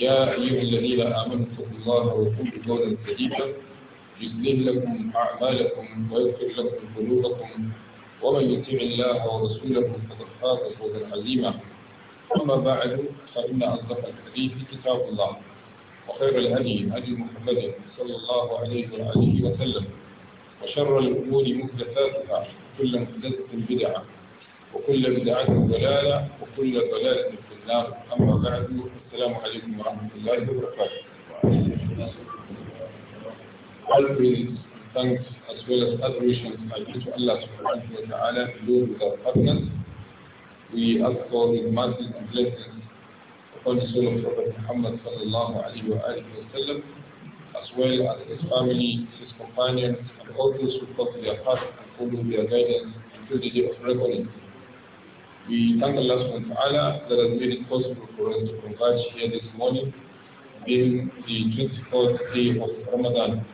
يا أيها الذين آمنوا اتقوا الله وقولوا قولا سديدا يسلم لكم أعمالكم ويغفر لكم ذنوبكم ومن يطع الله ورسوله فقد فاز فوزا عظيما أما بعد فإن أصدق الحديث كتاب الله وخير الهدي هدي محمد صلى الله عليه وآله وسلم وشر الأمور محدثاتها كل محدثة بدعة وكل بدعة ضلالة وكل ضلالة في النار أما بعد السلام عليكم ورحمة الله وبركاته. All praise, thanks, as well as adoration I due to Allah subhanahu wa ta'ala, alone without partners. We ask for His mercy and blessings upon the soul of Prophet Muhammad sallallahu alayhi wa sallam, as well as his family, his companions, and all those who caught their path and followed their guidance until the day of reckoning. We thank Allah subhanahu wa ta'ala that has made it possible for us to converge here this morning being the 24th day of Ramadan,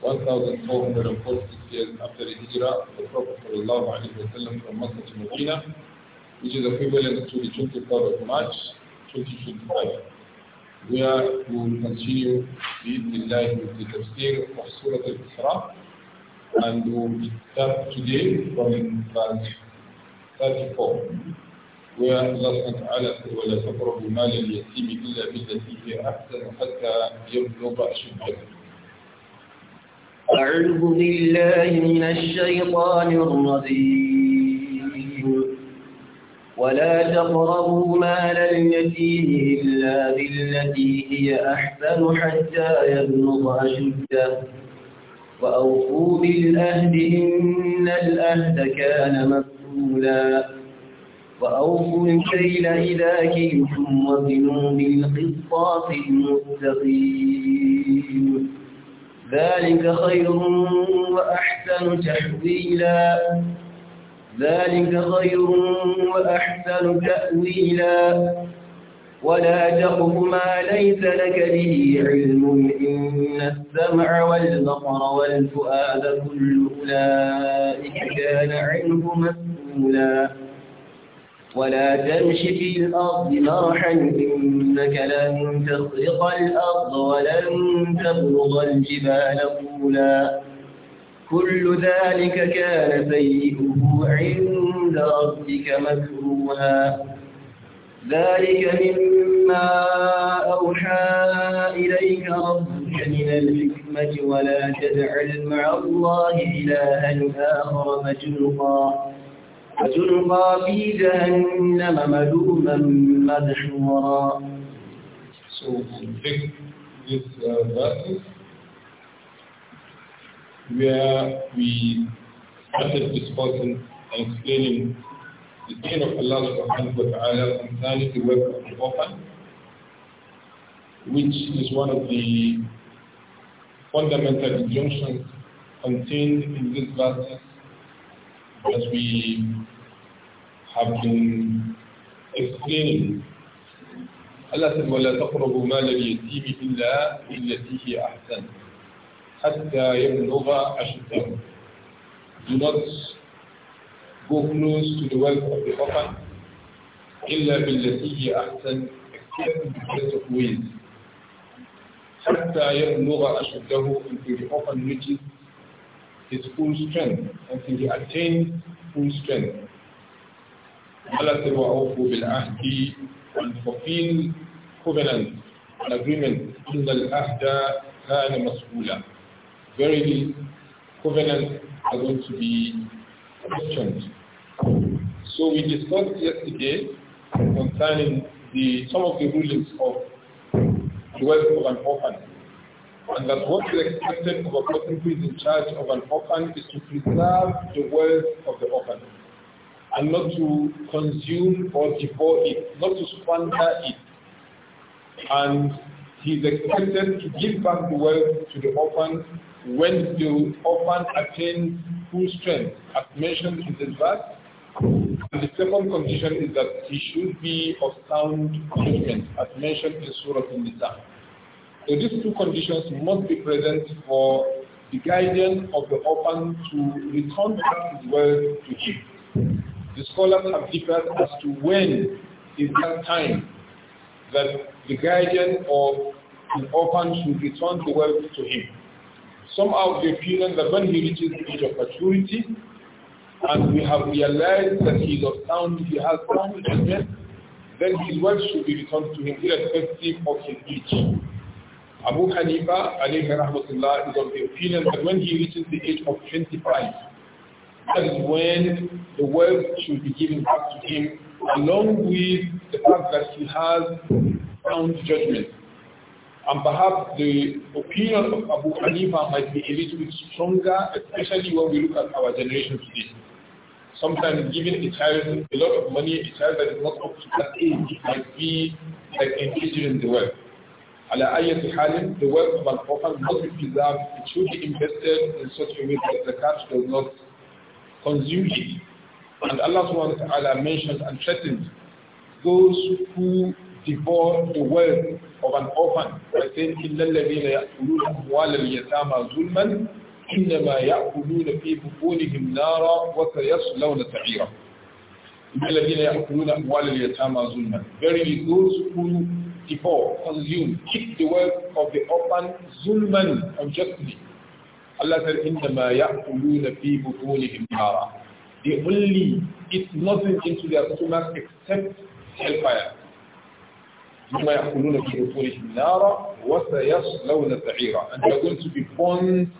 1,446 years after the Hijrah of the Prophet وسلم, from Makkah to Medina, which is equivalent to the 23rd of March 2025. Where we will continue بإذن with the tafsir of Surah Al-Isra and we will start today from verse 34 الله سبحانه وتعالى ولا تقربوا مال اليتيم إلا بالتي هي أحسن حتى يبلغ أشده أعوذ بالله من الشيطان الرجيم ولا تقربوا مال اليتيم إلا بالتي هي أحسن حتى يبلغ أشده وأوفوا بالأهد إن الأهد كان مفتوحا رسولا وأوفوا الكيل إذا كنتم وزنوا بالقصاص المستقيم ذلك خير وأحسن تحويلا ذلك خير وأحسن تأويلا ولا تقف ما ليس لك به علم إن السمع والبصر والفؤاد كل أولئك كان عنه مسؤولا رسولا ولا تمش في الأرض مرحا إنك لن تخرق الأرض ولن تبلغ الجبال طولا كل ذلك كان سيئه عند ربك مكروها ذلك مما أوحى إليك ربك من الحكمة ولا تجعل مع الله إلها آخر مجلقا فتلقى في جهنم ملوما مدحورا So we take this uh, verses where we started discussing and explaining the deen of Allah subhanahu wa ta'ala concerning the work of the orphan, which is one of the fundamental injunctions contained in this verse, as we عبد اثنين explaining. Allah وَلَا مَالَ الْيَتِيمِ إِلَّا بِالَّتِي هِيَ أَحْسَنُ حَتَّى يَبْلُغَ أَشُدَّهُ Do not go close to the wealth of the orphan إِلَّا بِالَّتِي هِيَ أَحْسَنُ except in the best of ways. حَتَّى يَبْلُغَ أَشُدَّهُ until the orphan reaches his full strength, until he attains full strength. Allah said, and fulfill covenant and agreement. Verily, are going to be questioned. So we discussed yesterday concerning the, some of the rulings of the wealth of an orphan. And that what is expected of a person who is in charge of an orphan is to preserve the wealth of the orphan and not to consume or devour it, not to squander it. And he is expected to give back the wealth to the orphan when the orphan attains full strength, as mentioned in this verse. And the second condition is that he should be of sound judgment, as mentioned in Surah al nisa So these two conditions must be present for the guidance of the orphan to return back his wealth to him. The scholars have differed as to when is that time that the guardian of an orphan should return the wealth to him. Some have the opinion that when he reaches the age of maturity, and we have realized that he is of sound, he has sound judgment, then his wealth should be returned to him irrespective of his age. Abu Hanifa, alayhi rahmatullah, is of the opinion that when he reaches the age of 25, that is when the wealth should be given back to him along with the fact that he has sound judgment. And perhaps the opinion of Abu Hanifa might be a little bit stronger, especially when we look at our generation today. Sometimes giving a child a lot of money, a child that is not up to that age, might be like engaging in the wealth. the wealth of an orphan must be preserved. It should be invested in such a way that the cash does not Consume it. And Allah subhanahu wa mentions and threatens those who devour the wealth of an orphan by saying, إِنَّمَا يَأْكُلُونَ فِي بُطُونِهِمْ نَارًا وَسَيَصْلَوْنَ سَعِيرًا الَّذِينَ يَأْكُلُونَ أَمْوَالَ الْيَتَامَى ظُلْمًا Verily those who devour, consume, keep the wealth of the orphan zulman unjustly Allah said, إِنَّمَا يَأْكُلُونَ فِي بُطُونِهِمْ نَارًا They only eat nothing into their stomachs except hellfire. ثم يأكلون في بطونهم نارا وسيصلون سعيرا and they are going to be born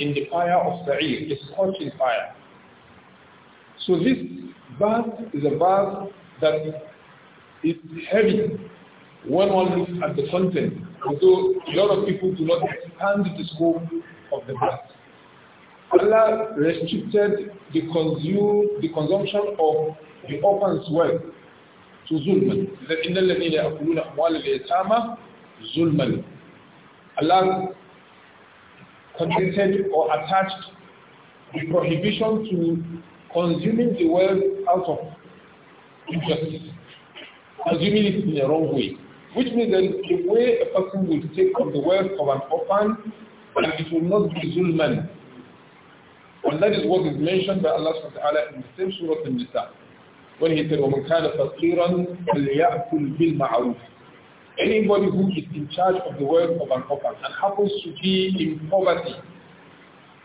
in the fire of Sa'ir, a scorching fire. So this verse is a verse that is heavy when one looks at the content. Although a lot of people do not expand the scope of the blood. Allah restricted the, consume, the consumption of the orphan's wealth to zulman. إِنَّ الَّذِينَ zulman. Allah connected or attached the prohibition to consuming the wealth out of injustice, consuming it in the wrong way, which means that the way a person will take from the wealth of an orphan and it will not be zulman. And that is what is mentioned by Allah subhanahu wa ta'ala in the same surah al-Nisa. When he said, وَمَنْ كَانَ فَقِيرًا فَلْيَأْكُلْ بِالْمَعْرُوفِ Anybody who is in charge of the wealth of an orphan and happens to be in poverty,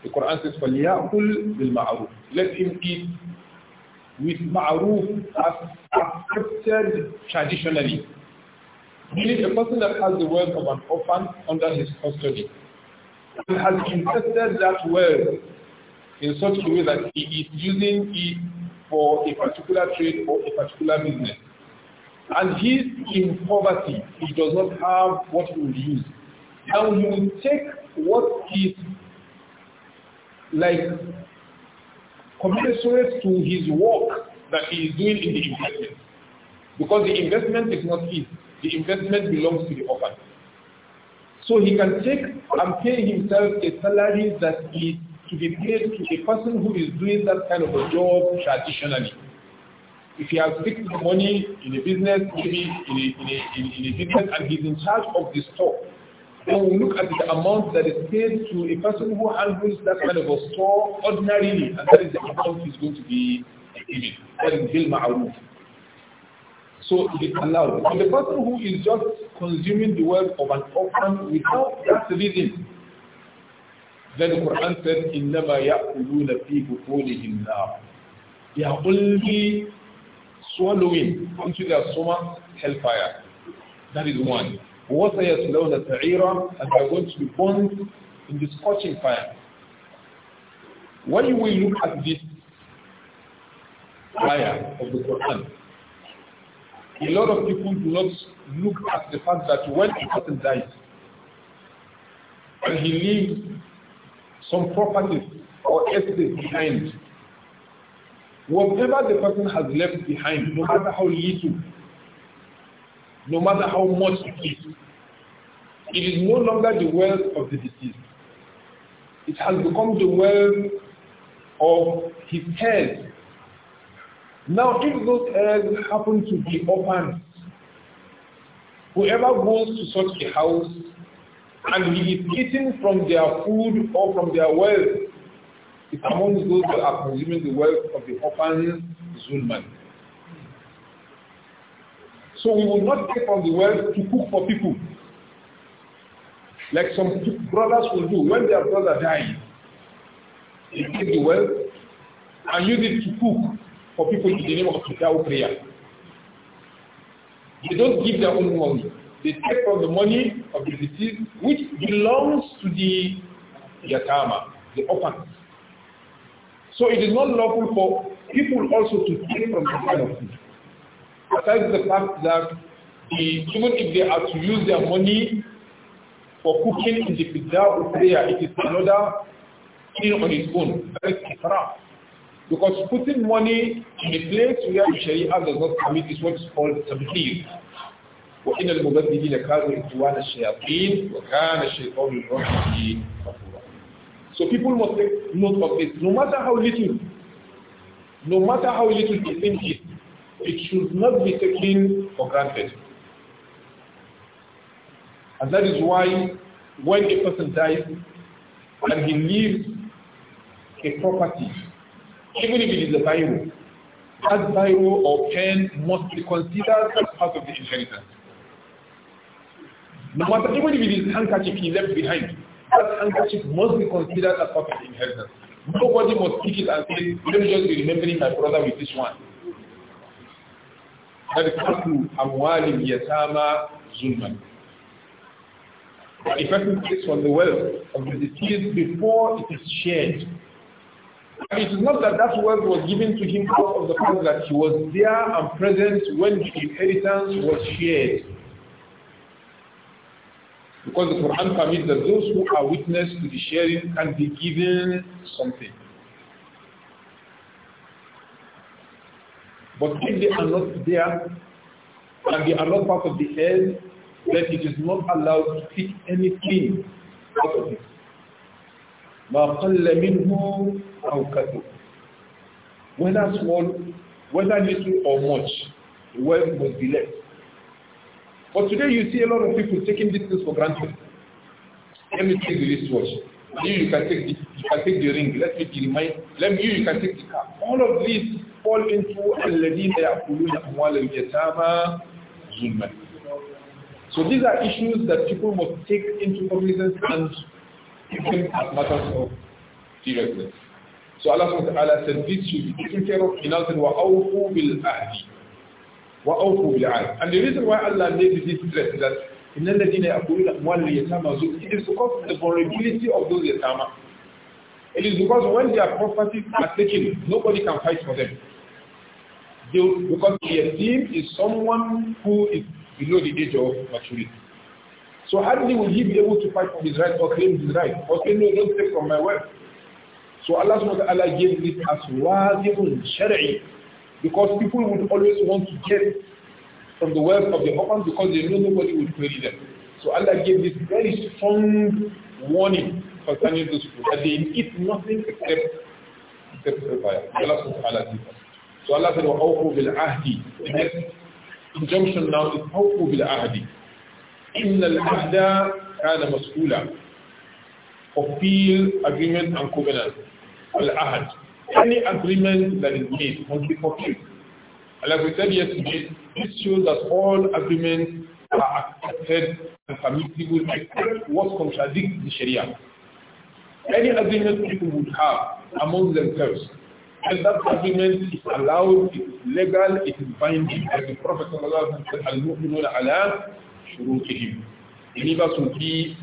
the Quran says, فَلْيَأْكُلْ بِالْمَعْرُوفِ Let him eat with ma'ruf as accepted traditionally. Meaning a person that has the wealth of an orphan under his custody and has invested that wealth in such a way that he is using it for a particular trade or a particular business. And he's in poverty. He does not have what he will use. And he will take what is like commensurate to his work that he is doing in the investment. Because the investment is not his. The investment belongs to the orphan. So he can take and pay himself a salary that is to be paid to a person who is doing that kind of a job traditionally. If he has fixed the money in a business, maybe in a, in a, in, in a business, and he's in charge of the store, then we look at the amount that is paid to a person who handles that kind of a store ordinarily, and that is the amount he's going to be giving. That is Bill Ma'aruf. So it is allowed. And the person who is just consuming the wealth of an orphan without that reason, then the Quran said, إِنَّمَا يَأْكُلُونَ فِي بُطُونِهِمْ نَارًا They are only swallowing into their stomach hellfire. That is one. وَسَيَسْلَوْنَ سَعِيرًا And they are going to be burned in the scorching fire. When we look at this fire of the Quran, a lot of people do not look at the fact that when a person dies and he leaves some property or estate behind, whatever the person has left behind, no matter how little, no matter how much it is, it is no longer the wealth of the deceased. It has become the wealth of his heirs now, if those eggs happen to be open, whoever goes to such a house and he is eating from their food or from their wealth, is among those that are consuming the wealth of the open Zulman. So we will not take from the wealth to cook for people. Like some brothers will do when their brother dies. They take the wealth and use it to cook for people in the name of Isao prayer. They don't give their own money. They take from the money of the deceased, which belongs to the yatama, the orphans. So it is not lawful for people also to take from the kind of food. Besides the fact that the, even if they are to use their money for cooking in the pizza or prayer, it is another thing on its own. That is because putting money in a place where the Sharia does not permit is what is called tabligh. وإن كانوا إخوان الشياطين وكان الشيطان So people must take note of this. No matter how little, no matter how little the thing is, it should not be taken for granted. And that is why when a person dies and he leaves a property even if it is a Bible. That Bible or pen must be considered as part of the inheritance. No matter even if it is handkerchief he left behind, that handkerchief must be considered as part of the inheritance. Nobody must pick it and say, let me just be remembering my brother with this one. That is Aklu Amwali Yatama Zulman. The person takes from the wealth of the deceased before it is shared it is not that that wealth was given to him out of the fact that he was there and present when the inheritance was shared. Because the Quran permits that those who are witness to the sharing can be given something. But if they are not there and they are not part of the head, then it is not allowed to take anything out of it awukatu whether small whether little or much the wealth must be left but today you see a lot of people taking these things for granted let me take the wristwatch you you can take the you can take the ring let me be remind let me you you can take the car all of these fall into الذين يأكلون أموال اليتامى ظلما so these are issues that people must take into cognizance and take them as matters of seriousness. So Allah SWT said, this should be taken care of. in now said, وَأَوْفُوا بِالْأَهْدِ وَأَوْفُوا بِالْعَهْدِ And the reason why Allah made this threat is that إِنَّ الَّذِينَ يَأْكُلُونَ أَمْوَالَ الْيَتَامَى ظُلْمًا It is because of the vulnerability of those yatama. It is because when their property are taken, nobody can fight for them. They, because the yatim is someone who is below the age of maturity. So hardly will he be able to fight for his right or claim his right or say, no, don't take from my wealth. So Allah subhanahu wa gave this as wajibun shari'i because people would always want to get from the wealth of the orphans because they know nobody would query them. So Allah gave this very strong warning concerning those people that they eat nothing except except fire. Allah subhanahu So Allah said, وَأَوْفُوا بِالْعَهْدِ The next injunction now is the بِالْعَهْدِ إِنَّ الْعَهْدَ كَانَ مَسْئُولًا Fulfill agreement and covenant al-ahad. Any agreement that is made must be fulfilled. And like we said yesterday, this shows that all agreements are accepted and permissible except what contradicts the Sharia. Any agreement people would have among themselves, and that agreement is allowed, it is legal, it is binding, as the Prophet said, Al-Mu'minuna ala shurutihim. Believers will be,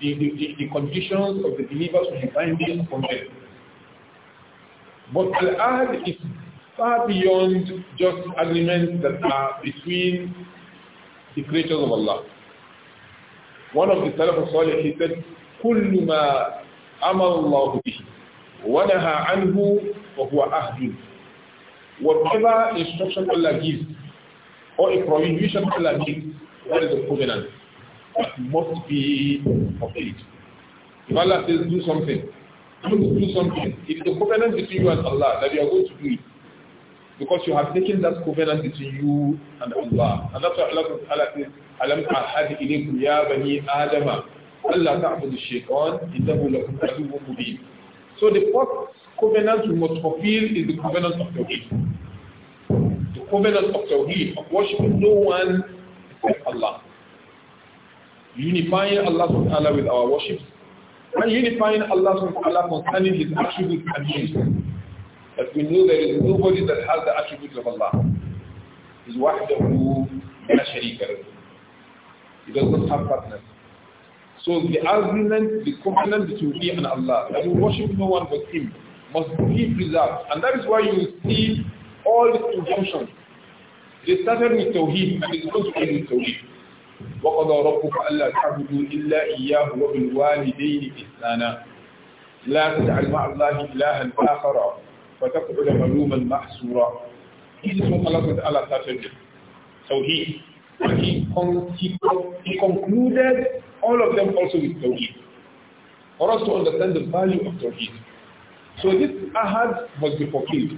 the, the, the, the conditions of the believers will be binding upon them. But al-ahd is far beyond just agreements that are between the creatures of Allah. One of the Salaf of Salih, he said, كل ما أمر الله به ونهى عنه فهو أهد. Whatever instruction Allah gives or a prohibition Allah gives, that is a covenant that must be fulfilled. If Allah says do something, going to do something. It is a covenant between you and Allah that you are going to do it. Because you have taken that covenant between you and Allah. And that's why Allah Ta'ala says, أَلَمْ أَحَدْ إِلَيْكُمْ يَا بَنِي آدَمَ أَلَّا تَعْبُدُ الشَّيْطَانِ إِنَّهُ لَكُمْ عَدُوٌ مُبِينٌ So the first covenant you must fulfill is the covenant of Tawheed. The covenant of Tawheed, of worshiping no one except Allah. Unifying Allah with our worship and unifying Allah subhanahu concerning his attributes and names. That we know there is nobody that has the attributes of Allah. He's wahdahu la sharika He does not have partners. So the agreement, the covenant between him and Allah, that we worship no one but him, must be preserved. And that is why you see all these injunctions. They started with Tawheed and it's going to end with Tawheed. وقضى ربك ألا تعبدوا إلا إياه وبالوالدين إحسانا لا تجعل مع الله إلها آخر فتقعد ملوما محسورا So he, he concluded all of them also with Tawheed. For us to understand the value of Tawheed. So this ahad must be fulfilled.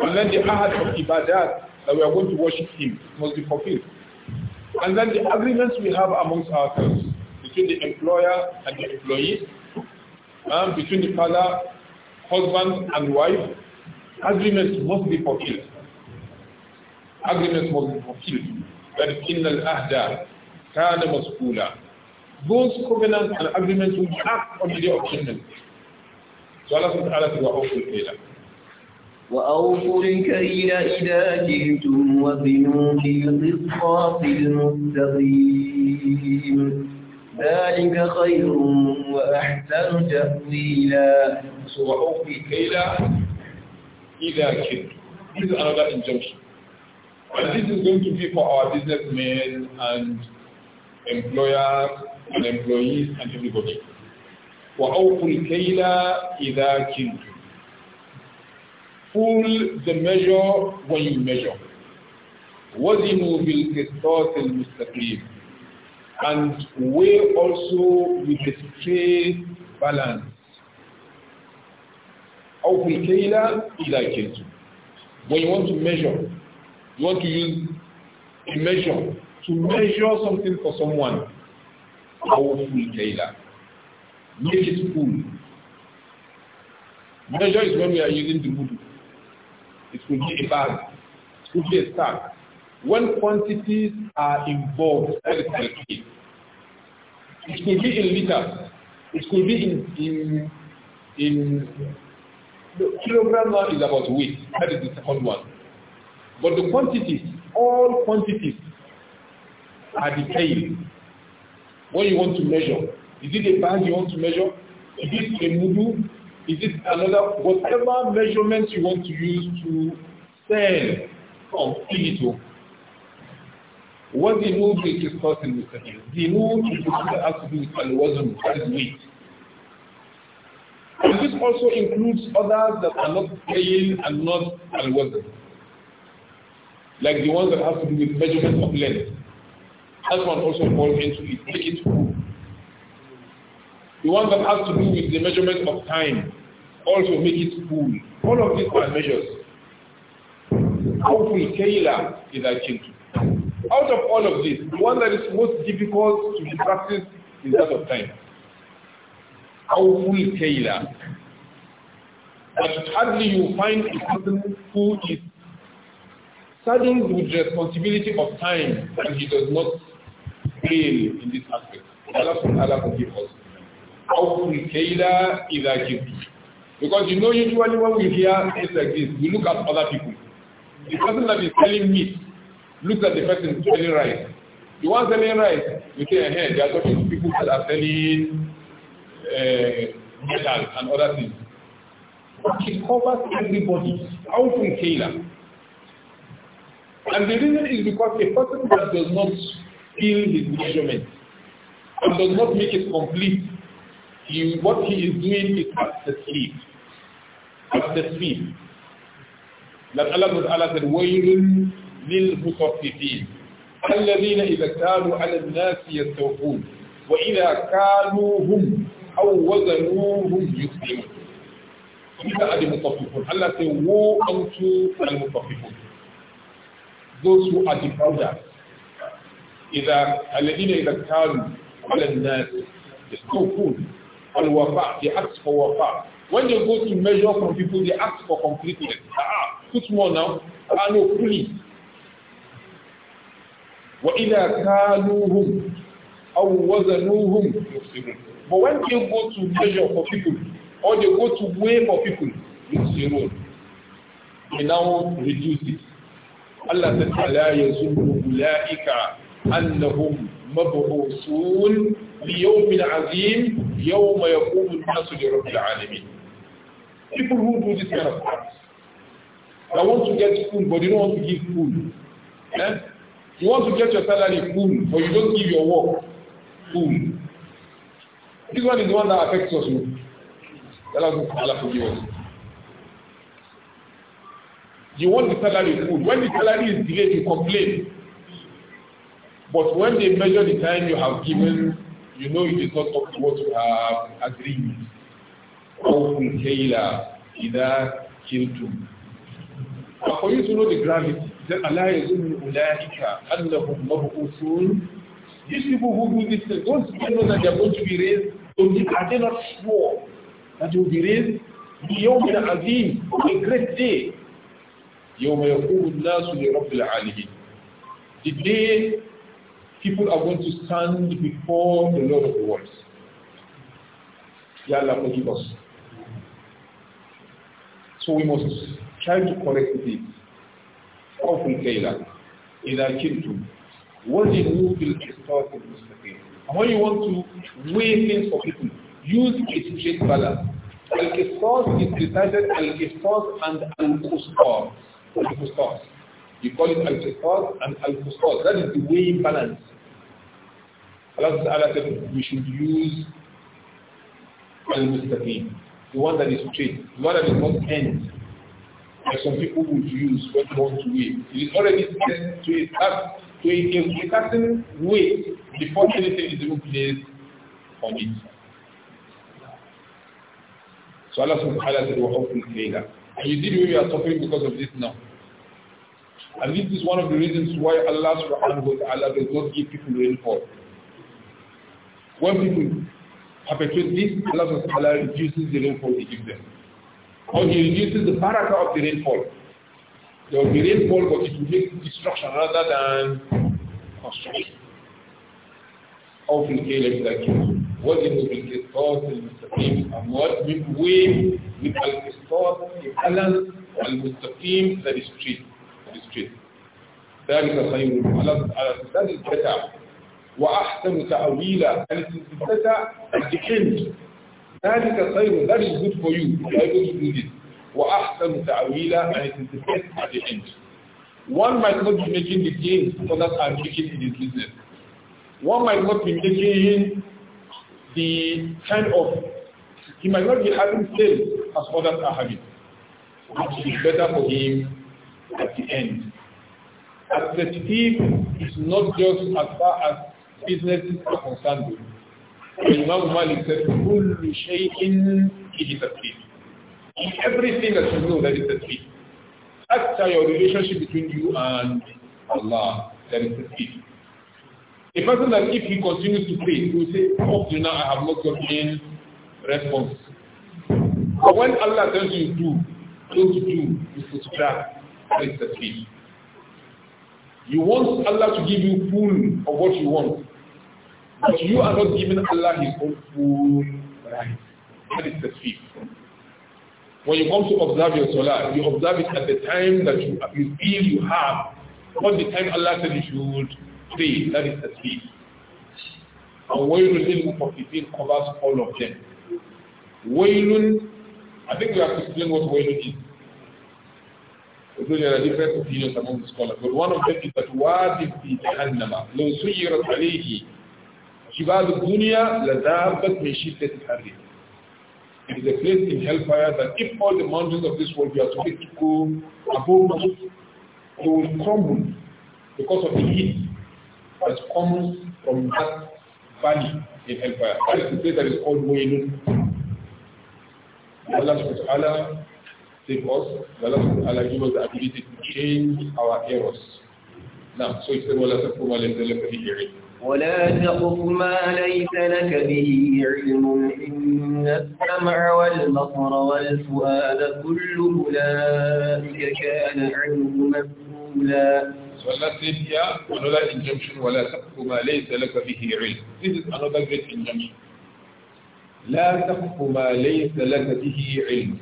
And then the ahad of ibadat that we are going to worship him must be fulfilled. And then the agreements we have amongst ourselves between the employer and the employee, um, between the father, husband and wife, agreements must be fulfilled. Agreements must be fulfilled. That is in the ahda kana Those covenants and agreements will act on the day of judgment. So Allah subhanahu wa ta'ala وأوفوا الكيل إذا كلتم وزنوا بالقصاص المستقيم ذلك خير وأحسن تأويلا وأوفوا الكيل إذا كلتم This is another injunction. And this is going to be for our businessmen and employers and employees and everybody. وَأَوْفُوا الْكَيْلَ إِذَا كِلْتُمْ fool the measure when you measure. وَزِنُوا بِالْقِسْطَاسِ الْمُسْتَقِيمِ And weigh also with a straight balance. أَوْفِ الْكَيْلَ إِذَا كِلْتُمْ When you want to measure, you want to use a measure to measure something for someone. أَوْفِ الْكَيْلَ Make it full. Measure is when we are using the voodoo. It will be a bag. It will be a sack. When quantities are involved, it could be in liters. It could be in in in the kilogram now is about weight. That is the second one. But the quantities, all quantities are detailed. What you want to measure. Is it a bag you want to measure? Is it a mudu? Is it another, whatever measurement you want to use to send from digital? what the move is discussing with him. The move is has to do with al-wazn, that is weight. And this also includes others that are not playing and not al Like the ones that have to do with measurement of length. That one also falls into it. Take it the one that has to do with the measurement of time, also make it full. All of these are measures. How Awful Kaila is I think. Out of all of this, the one that is most difficult to be practiced is that of time. How Awful Kaila. But hardly you find a person who is saddled with responsibility of time and he does not fail in this aspect. Allah, will give us. أوفوا الكيل إذا كدتم Because you know usually when we hear things like this, we look at other people. The person that is selling meat looks at the person selling rice. The one selling rice, you say, hey, they are talking to people that are selling uh, metal and other things. But it covers everybody, out from And the reason is because a person that does not feel his measurement and does not make it complete he, what he is doing is at the sleep. At the sleep. That Allah Ta'ala said, وَيْلٌ لِلْمُطَفِّفِينَ الَّذِينَ إِذَا كَانُوا عَلَى النَّاسِ يَسْتَوْفُونَ وَإِذَا كَانُوهُمْ أَوْ وَزَنُوهُمْ يُسْلِمُونَ These are the mutaffifun. Allah said, woe unto al Those who are defrauders. إِذَا الَّذِينَ إِذَا كَانُوا عَلَى النَّاسِ يَسْتَوْفُونَ al-wafa, they ask for wafa. When they go to measure from people, they ask for completeness. Ah, put more now. Ah, no, please. وَإِذَا أَوْ وَزَنُوهُمْ يُخْسِرُونَ But when they go to measure for people, or they go to weigh for people, يُخْسِرُونَ They now reduce it. Allah أَلَا يَزُنُّ أُولَٰئِكَ أَنَّهُمْ مبعوثون ليوم عظيم يوم يقوم الناس لرب العالمين people who do this kind of things they want to get food but they don't want to give food eh? you want to get your salary food but you don't give your work food this one is the one that affects us more Allah forgive us you want the salary food when the salary is delayed you complain but when they measure the time you have given, you know it is not up to what you have agreed. أَوْفُ الْكَيْلَ إِذَا كِلْتُمْ But for you to know the gravity, then Allah is يَزُمْ أُولَٰئِكَ أَنَّهُمْ مَبْعُوثُونَ These people who do this thing, don't they know that they are going to be raised? Are they not sure that they will be raised? يوم عظيم a great day يوم يقول الناس لرب العالمين the day people are going to stand before the Lord of the world. Ya Allah forgive us. So we must try to correct this. in أوفوا الكيل إذا كنتم وزنوا بالقسطاس المستقيم. And when you want to weigh things for people, use a straight balance. Al-Qistas is recited Al-Qistas and Al-Qustas. Al-Qustas. You call it Al-Qistas and Al-Qustas. That is the weighing balance. Allah, Allah said we should use al-mustaqim, the one that is straight, the one that is not end. Like some people would use what they want to wait. It is already set to a start, to in a certain way before anything is even placed on it. So Allah subhanahu wa ta'ala said, وَحُفْنِ الْكَيْلَ And you we are suffering because of this now. And this is one of the reasons why Allah subhanahu wa ta'ala does not give people rainfall. When people perpetrate this, Allah subhanahu reduces the rainfall He gives them. Or He reduces the barakah of the rainfall. There will be rainfall, but it will make destruction rather than construction. أو like الكيل لكن وزنوا بالقسطاس المستقيم أموات من وين يبقى القسطاس البالانس المستقيم that is straight that is straight ذلك The على that is better وأحسن تأويلا and it is better at the end ذلك خير that is good for you you good able to do وأحسن تأويلا and it is the best at the end one might not be making the gains others are making in his business one might not be making the kind of he might not be having sales as others are having it is better for him at the end at the is not just as far as businesses are concerned with. Imam Malik said, كل it is a تدبير. In everything that you know, a tadbir. That's your relationship between you and Allah, That is a tadbir. A person that if he continues to pray, he will say, oh, up to now I have not gotten response. But when Allah tells you to don't do, you it is That is tadbir. You want Allah to give you full of what you want. But you are not giving Allah his own full right. That is the fee. When you come to observe your salah, you observe it at the time that you, you feel you have, not the time Allah said you should pray. That is the fee. And wailun lil mufakitin covers all of them. Wailun, I think we have to explain what wailun is. there are different opinions among the scholars, but one of them is that wadi fi jahannama, law of alayhi جبال الدنيا لذابت من شدة الحر. It is a place in hellfire that if all the mountains of this world were to be to go above it, they will crumble because of the heat that comes from that valley in hellfire. That is the place that is called Moinun. Allah subhanahu wa ta'ala save us. Allah subhanahu wa ta'ala give us the ability to change our errors. Now, so it's the Wala Sakuma Lenzele Kabi Erin. ولا تقف ما ليس لك به علم إن السمع والبصر والفؤاد كل أولئك كان عنه مسؤولا والنصيب here another injunction ولا تقف ما ليس لك به علم This is another great injunction لا تقف ما ليس لك به علم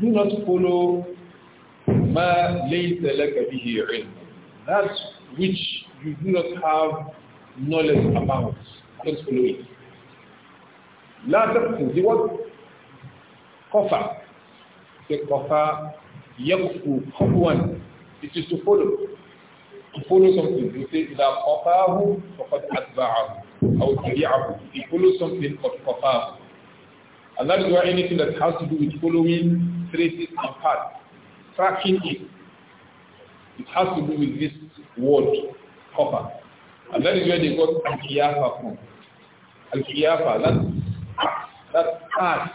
Do not follow ما ليس لك به علم That which you do not have knowledge about. Don't follow it. لا تقتل the word kofar. The It is to follow. To follow something. You say إذا قفاه فقد أتبعه أو تبعه. He follow something called kofar. And that is why anything that has to do with following traces and paths, tracking it, it has to do with this word copper. And that is where they got Al-Qiyafa from. Al-Qiyafa, that, that art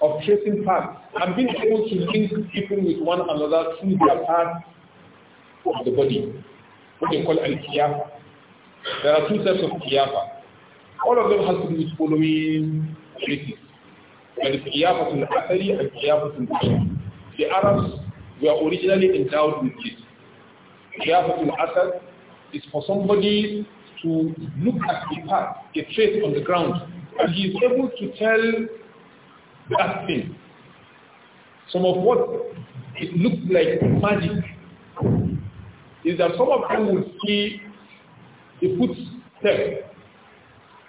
of tracing paths and being able to link people with one another through their path of the body, what they call Al-Qiyafa. There are two types of Qiyafa. All of them has to do with following traces. There is Qiyafa al-Athari and Qiyafa al-Bashar. The Arabs were originally endowed with this. Qiyafa to athar is for somebody to look at a path, a trace on the ground, and he is able to tell that thing. Some of what it looks like magic is that some of them will see the footstep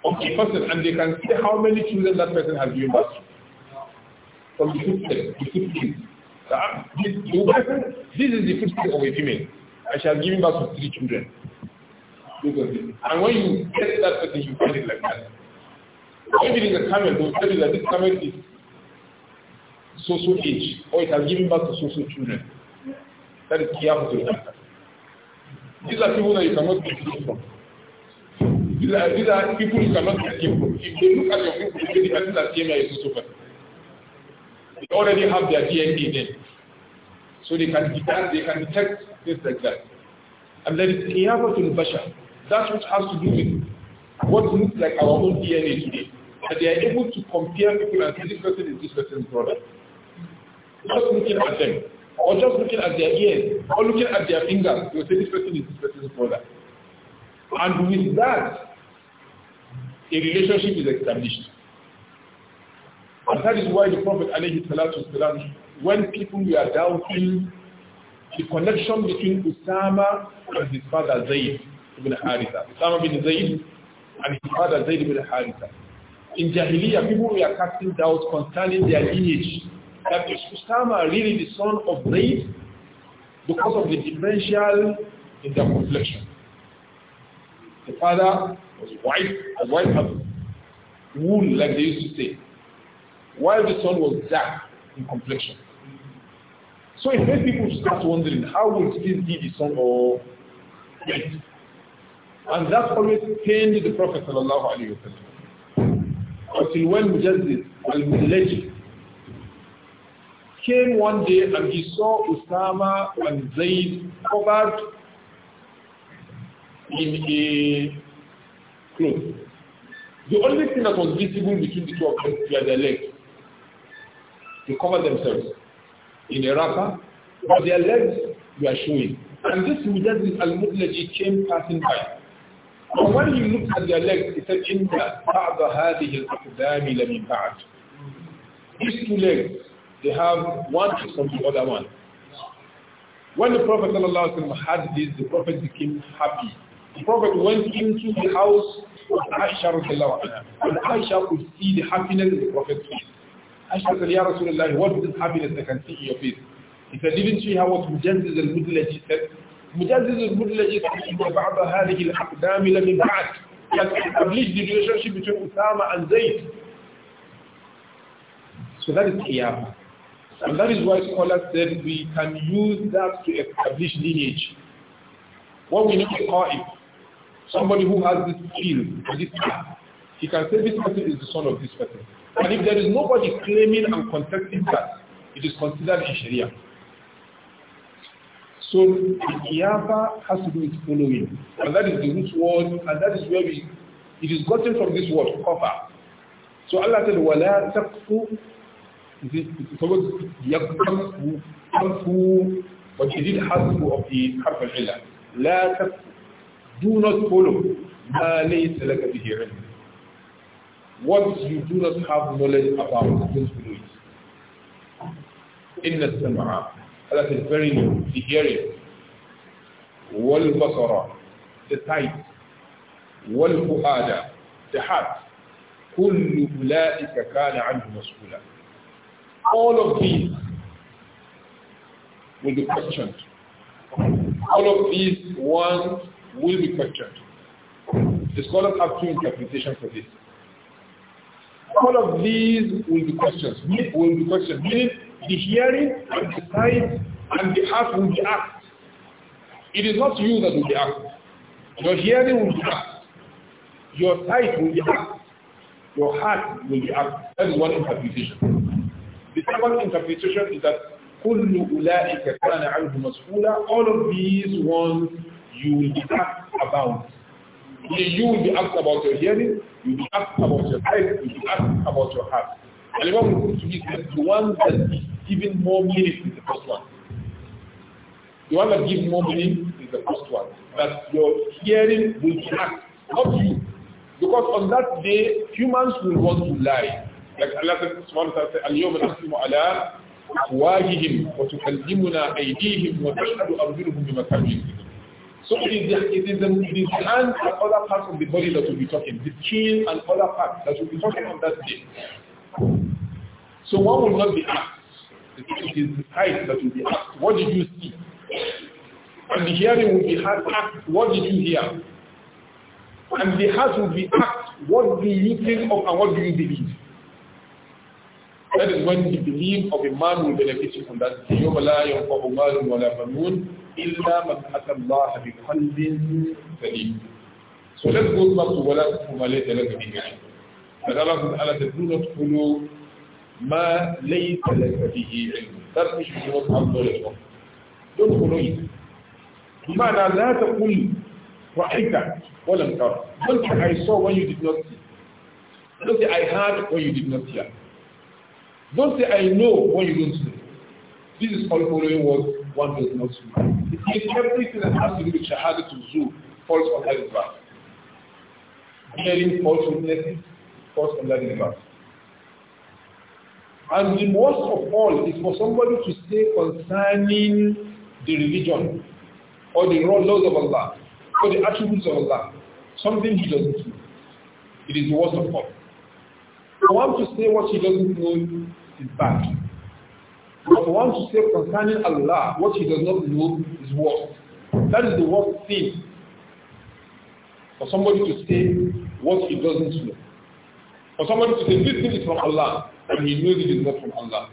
of a person and they can see how many children that person has given birth from the footstep, the footprint. Ah, this, this is the footprint of a female. I shall give birth to three children. And when you get that setting, you get it like that. When reading a camel, they will tell you that this camel is so-so age, or it has given birth to so-so children. That is Kiyafu to the These are people that you cannot get from. These are, these are people you cannot get from. If they look at your people, they say the person that came here is so-so They already have their DNA then. So they can detect, they can detect things like that. And that is Kiyafu to the Bashar. That which has to do with what looks like our own DNA today. That they are able to compare people and say this person is this person's brother. Just looking at them, or just looking at their ears, or looking at their fingers, you say this person is this person's brother. And with that, a relationship is established. And that is why the Prophet والسلام, when people were doubting the connection between Usama and his father Zayd, ibn Haritha, Usama bin Zayd and his father Zayd ibn Haritha. In Jahiliyyah, people were casting doubts concerning their lineage. That is Usama really the son of Zayd because of the differential in their complexion. The father was white, a white as wool, like they used to say, while the son was dark in complexion. So it made people start wondering, how will this be the son of Zayd? And that always pained the Prophet sallallahu alayhi wa sallam. Until when Mujaddid al-Mullaji came one day and he saw Usama and Zayd covered in a cloth. The only thing that was visible between the two of them were their legs. They covered themselves in a wrapper, but their legs were showing. And this Mujaddid al-Mudlaji came passing by. But when he looked at their legs, he said, إِنَّ بَعْضَ These two legs, they have one from the other one. When the Prophet had this, the Prophet became happy. The Prophet went into the house of Aisha and Aisha could see the happiness of the Prophet face. Aisha said, Ya Rasulullah, what is this happiness I can see in your face? He said, did she have what and middle mudlaj said? مجدد المدلج هذه الأقدام لم So that is Sharia, And that is why scholars said we can use that to establish lineage. What we need to call it, somebody who has this skill, this path, he can say this person is the son of this person. And if there is nobody claiming and contesting that, it is considered in Sharia. So Kiyaba has to do with following. And that is the root word, and that is where we, it is gotten from this word, cover. So Allah said, وَلَا تَقْفُ يَقْفُ يَقْفُ but he did have of the harf al-ila. Do not follow. ما ليس لك به What you do not have knowledge about, don't follow it. إن السمع that is very new. The hearing. والبصر the sight. والفؤاد the heart. كل أولئك كان عنه مسؤولا. All of these will be questioned. All of these ones will be questioned. The scholars have two interpretations for this. All of these will be questions. Will be questioned. Meaning the hearing and the sight and the heart will be act. It is not you that will be act. Your hearing will be act. Your sight will be act. Your heart will be act. That is one interpretation. The second interpretation is that كل أولئك كان عنه مسؤولا all of these ones you will be asked about. You will be asked about your hearing, you will be asked about your sight, you will be asked about your heart. And Imam qurtubi the one that is giving more meaning is the first one. The one that gives more meaning is the first one. That your hearing will be not you. Because on that day, humans will want to lie. Like Allah said, wa ta'ala says, اليوم نختم على أفواههم وتكلمنا أيديهم وتشهد أرجلهم بما كانوا يكذبون. So it is, the, it is the, the hand and other parts of the body that will be talking, the chin and other parts that will be talking on that day. So one will not be asked. It is the sight that will be asked. What did you see? And the hearing will be asked, what did you hear? And the heart will be asked, what do you think of and what do you believe? That is when the belief of a man will benefit you from that. يوم لا ينفع مال ولا بنون إلا من أتى الله بقلب سليم. So let's go back to ولا تقوم عليه ثلاثة بجعل. But Allah says, do not follow ما you do not say I saw when you did not see don't say I heard when you did not hear don't say I know when you don't know this is all following what one does not see. it everything that has to do with shahada to zoo falls under the verse hearing false witnesses falls under the verse and the worst of all is for somebody to say concerning the religion or the laws of Allah or the attributes of Allah, something he doesn't know. It is the worst of all. For one to say what he doesn't know is bad. But for one to say concerning Allah what he does not know is worse. That is the worst thing for somebody to say what he doesn't know. For somebody to say this thing is from Allah and he knows it is not from Allah.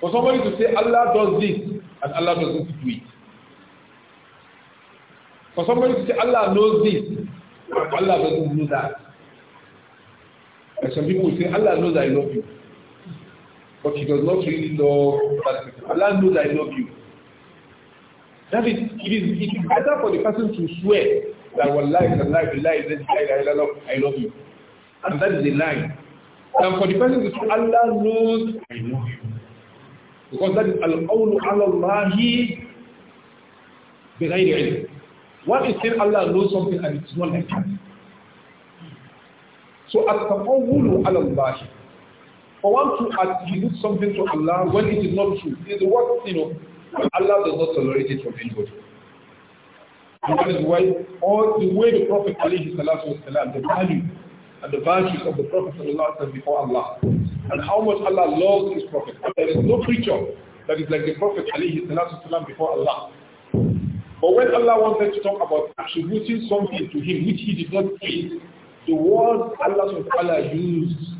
For somebody to say Allah does this and Allah doesn't do it. For somebody to say Allah knows this and Allah doesn't know that. And some people will say Allah knows I love you. But he does not really know that Allah knows I love you. That is, it is, it is better for the person to swear that wallahi, I love, I love you. And that is a lie. And for the person to say, Allah knows, I know him. Because that is al-qawlu ala Allahi bighayri ilm. One is saying Allah knows something and it's not like that. So at-taqawlu ala Allahi. For one to attribute something to Allah when it is not true, it is what, you know, Allah does not tolerate it from anybody. And that is why all the way the Prophet alayhi salatu wasalam, the value and the virtues of the Prophet ﷺ before Allah and how much Allah loves his Prophet. And there is no creature that is like the Prophet ﷺ before Allah. But when Allah wanted to talk about attributing something to him which he did not create, the words Allah subhanahu used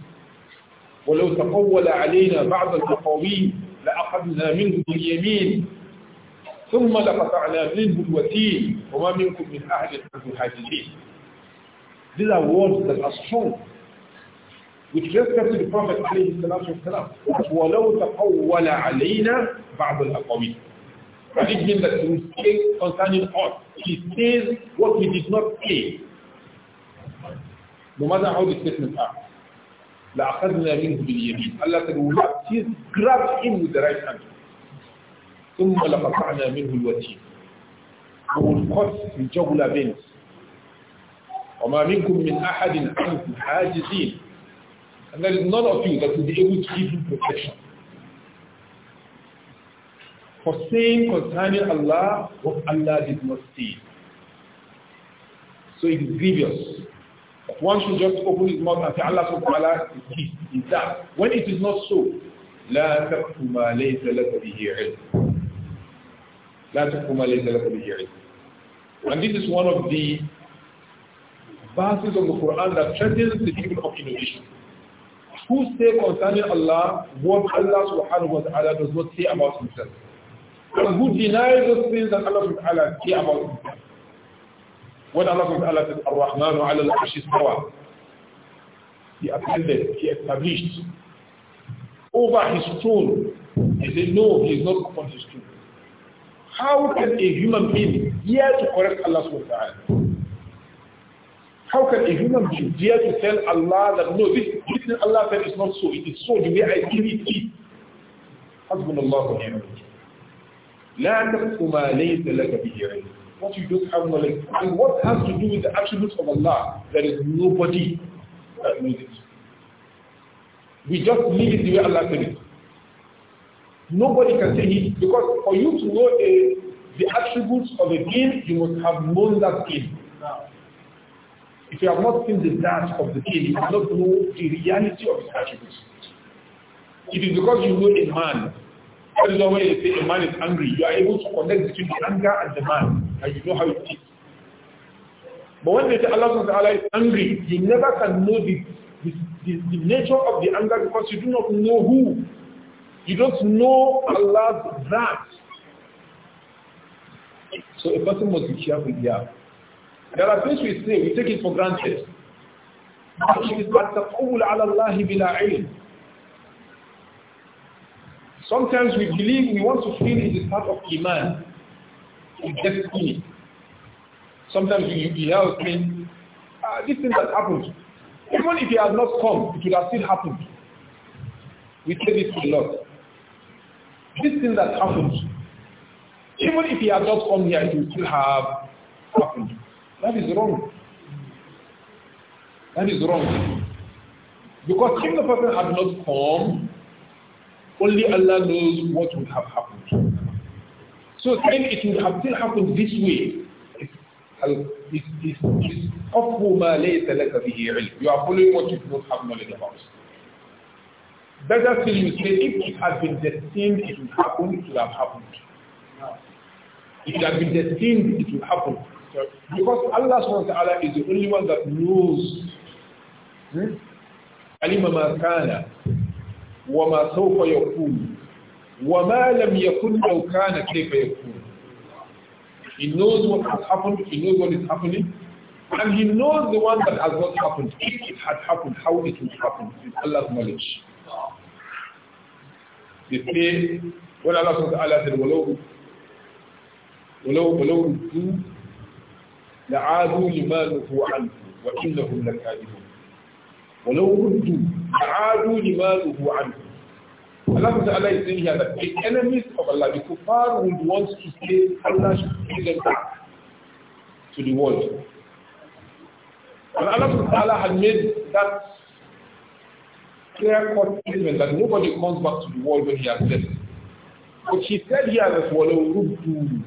ولو تقول علينا بعض الأقاويل لأخذنا منه باليمين ثم لقطعنا منه الوتين وما منكم من أهل عنه حاجزين these are words that are strong. just comes to the Prophet alayhi salatu wasalam, وَلَوْ تَقَوَّلَ عَلَيْنَا بَعْضُ الْأَقَوِيلِ it means that he says concerning us, he says what he did not say. No matter how the statements are. لَأَخَذْنَا مِنْهُ بِالْيَمِينِ Allah said, we have seized, grab him with the right hand. ثُمَّ لَقَطَعْنَا مِنْهُ الْوَتِينَ We will cut the jugular veins. وَمَا مِنْكُمْ مِنْ أَحَدٍ عَنْكُمْ حَاجِزِينَ And there is none of you that will be able to give you protection. For saying concerning Allah what Allah did not see, So it is grievous. That one should just open his mouth and say Allah subhanahu wa ta'ala is that. When it is not so, لا تقف ما ليس لك به علم. لا تقف ما ليس لك به علم. And this is one of the verses of the Quran that threatens the people of innovation. Who say concerning Allah what Allah subhanahu wa ta'ala does not say about himself? And who denies those things that Allah subhanahu wa ta'ala say about himself? When Allah subhanahu wa ta'ala says, Ar-Rahmanu ala al-Ashis Tawa, he ascended, he established. Over his throne, he said, no, he is not upon his throne. How can a human being dare to correct Allah subhanahu wa ta'ala? How can a human being dare to tell Allah that no, this, this thing Allah said is not so. It is so the way I see it. حسبنا الله ونعم الوكيل. لا تقف ما What you don't have knowledge and what has to do with the attributes of Allah, there is nobody that knows it. We just leave it the way Allah said it. Nobody can say it because for you to know a, the attributes of a king, you must have known that king. Now, if you have not seen the dance of the king, you cannot know the reality of his attributes. It is because you know a man. That is why when you say a man is angry, you are able to connect between the anger and the man, and you know how it is. But when they say Allah Ta'ala is angry, you never can know the, the, the, the nature of the anger because you do not know who. You don't know Allah's that. So a person must be careful here. There are things we say, we take it for granted. Sometimes we believe, we want to feel it is part of Iman. We just feel. it. Sometimes you, you hear saying, ah, this thing that happened, even if it has not come, it would have still happened. We say this a Lord. This thing that happened, even if he had not come here, it would still have that is wrong. That is wrong. Because if the Prophet had not come, only Allah knows what would have happened. So then, it would have still happened this way You are following what you do not have knowledge about. Better still you say if it had been destined it would happen, it would have happened. If it had been destined it would happen. Because Allah subhanahu is the only one that knows. Hmm? علم ما كان وما سوف يكون وما لم يكن لو كان كيف يكون He knows what has happened, he knows what is happening, and he knows the one that has not happened. If it had happened, how it would happen. It's Allah's knowledge. They say, when Allah says, Allah said, وَلَوْ وَلَوْ وَلَوْ لعادوا لما نهوا عنه وإنهم لكاذبون ولو ردوا لعادوا لما نهوا عنه Allah Ta'ala is saying here that the enemies of Allah, the kuffar would want to say Allah should bring them back to the world. And Allah Ta'ala had made that clear cut statement that nobody comes back to the world when he has left. But she said here that وَلَوْ رُبْدُوا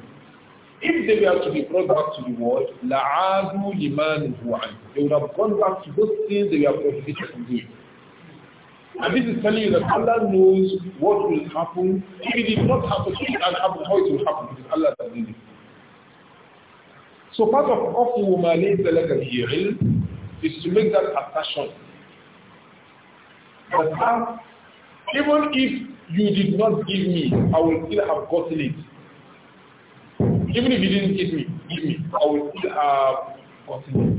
if they were to be brought back to the world, لَعَادُوا لِمَا They would have gone back to those things they were prohibited from doing. And this is telling you that Allah knows what will happen. If it did not happen, it can happen, how it will happen, because Allah does it. So part of أَفْوُ مَا لَيْسَ لَكَ الْهِعِلْ is to make that assertion. That ah, even if you did not give me, I will still have gotten it. Even if you didn't give me, give me, I will still have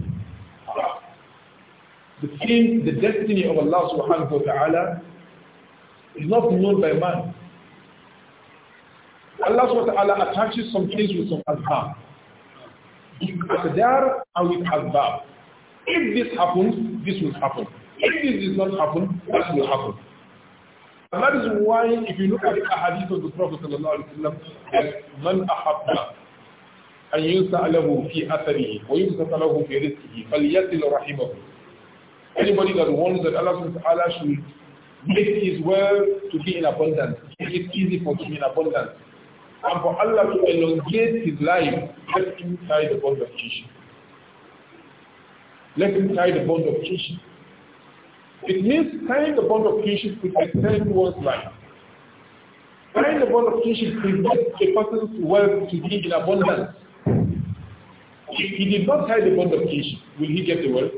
The thing, the destiny of Allah subhanahu wa ta'ala is not known by man. Allah subhanahu wa ta'ala attaches some things with some asbab. qadar and with asbab. If this happens, this will happen. If this does not happen, that will happen. And that is why if you look at the hadith of the Prophet sallallahu alaihi wasallam, man ahabba أن ينسى له في أثره ويبسط له في رزقه فليصل رحمه Anybody that wants that Allah subhanahu wa ta'ala should make his wealth to be in abundance, make it easy for him in abundance, and for Allah to elongate his life, let him tie the bond of kinship. Let him tie the bond of kinship. It means tying the bond of kinship could extend one's life. Tying the bond of kinship prevents a person's wealth to be in abundance. If he did not tie the bond of kinship, will he get the wealth?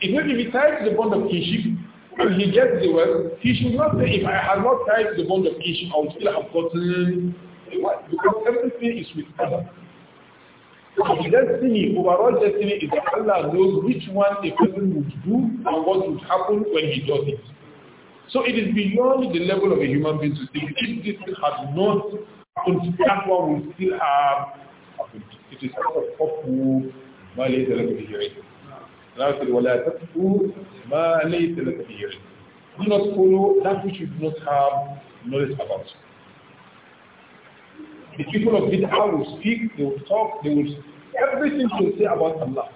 Even if he ties the bond of kinship and he gets the wealth, he should not say, if I have not tied the bond of kinship, I would still have gotten the wealth. Because everything is with Allah. The destiny, overall destiny is that Allah knows which one a person would do and what would happen when he does it. So it is beyond the level of a human being to think if this has not happened, that one will still have happened it is part Do not follow that which you do not have knowledge about. The people of Bid'ah will speak, they will talk, they will everything they will say about Allah.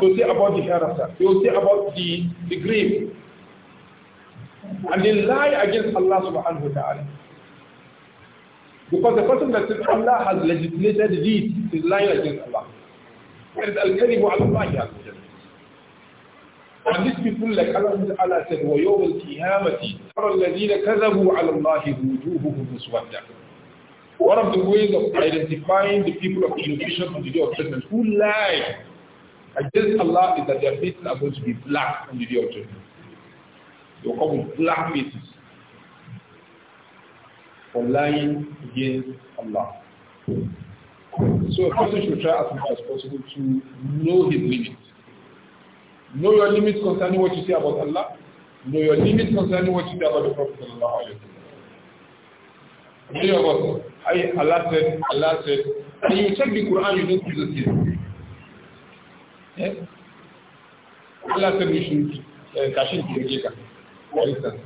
They will say about the hereafter. They will say about the, the grave. And they lie against Allah subhanahu wa ta'ala. Because the person that says Allah has legislated this is lying against Allah. There is al-kadhibu Allah And these people like Allah Ta'ala said, وَيَوْمَ الْقِيَامَةِ تَرَى الَّذِينَ كَذَبُوا عَلَى اللَّهِ وُجُوهُهُمْ مُسْوَدَّةً One of the ways of identifying the people of innovation on the day of judgment who lie against Allah is that their faces are going to be black on the day of judgment. They will come with black faces for lying against Allah. So a person should try as much as possible to know his limits. Know your limits concerning what you say about Allah. Know your limits concerning what you say about the Prophet Many of us, I, Allah said, Allah said, and you check the Quran, you don't see the same. Yes? Eh? Allah said we should, uh, in the for instance.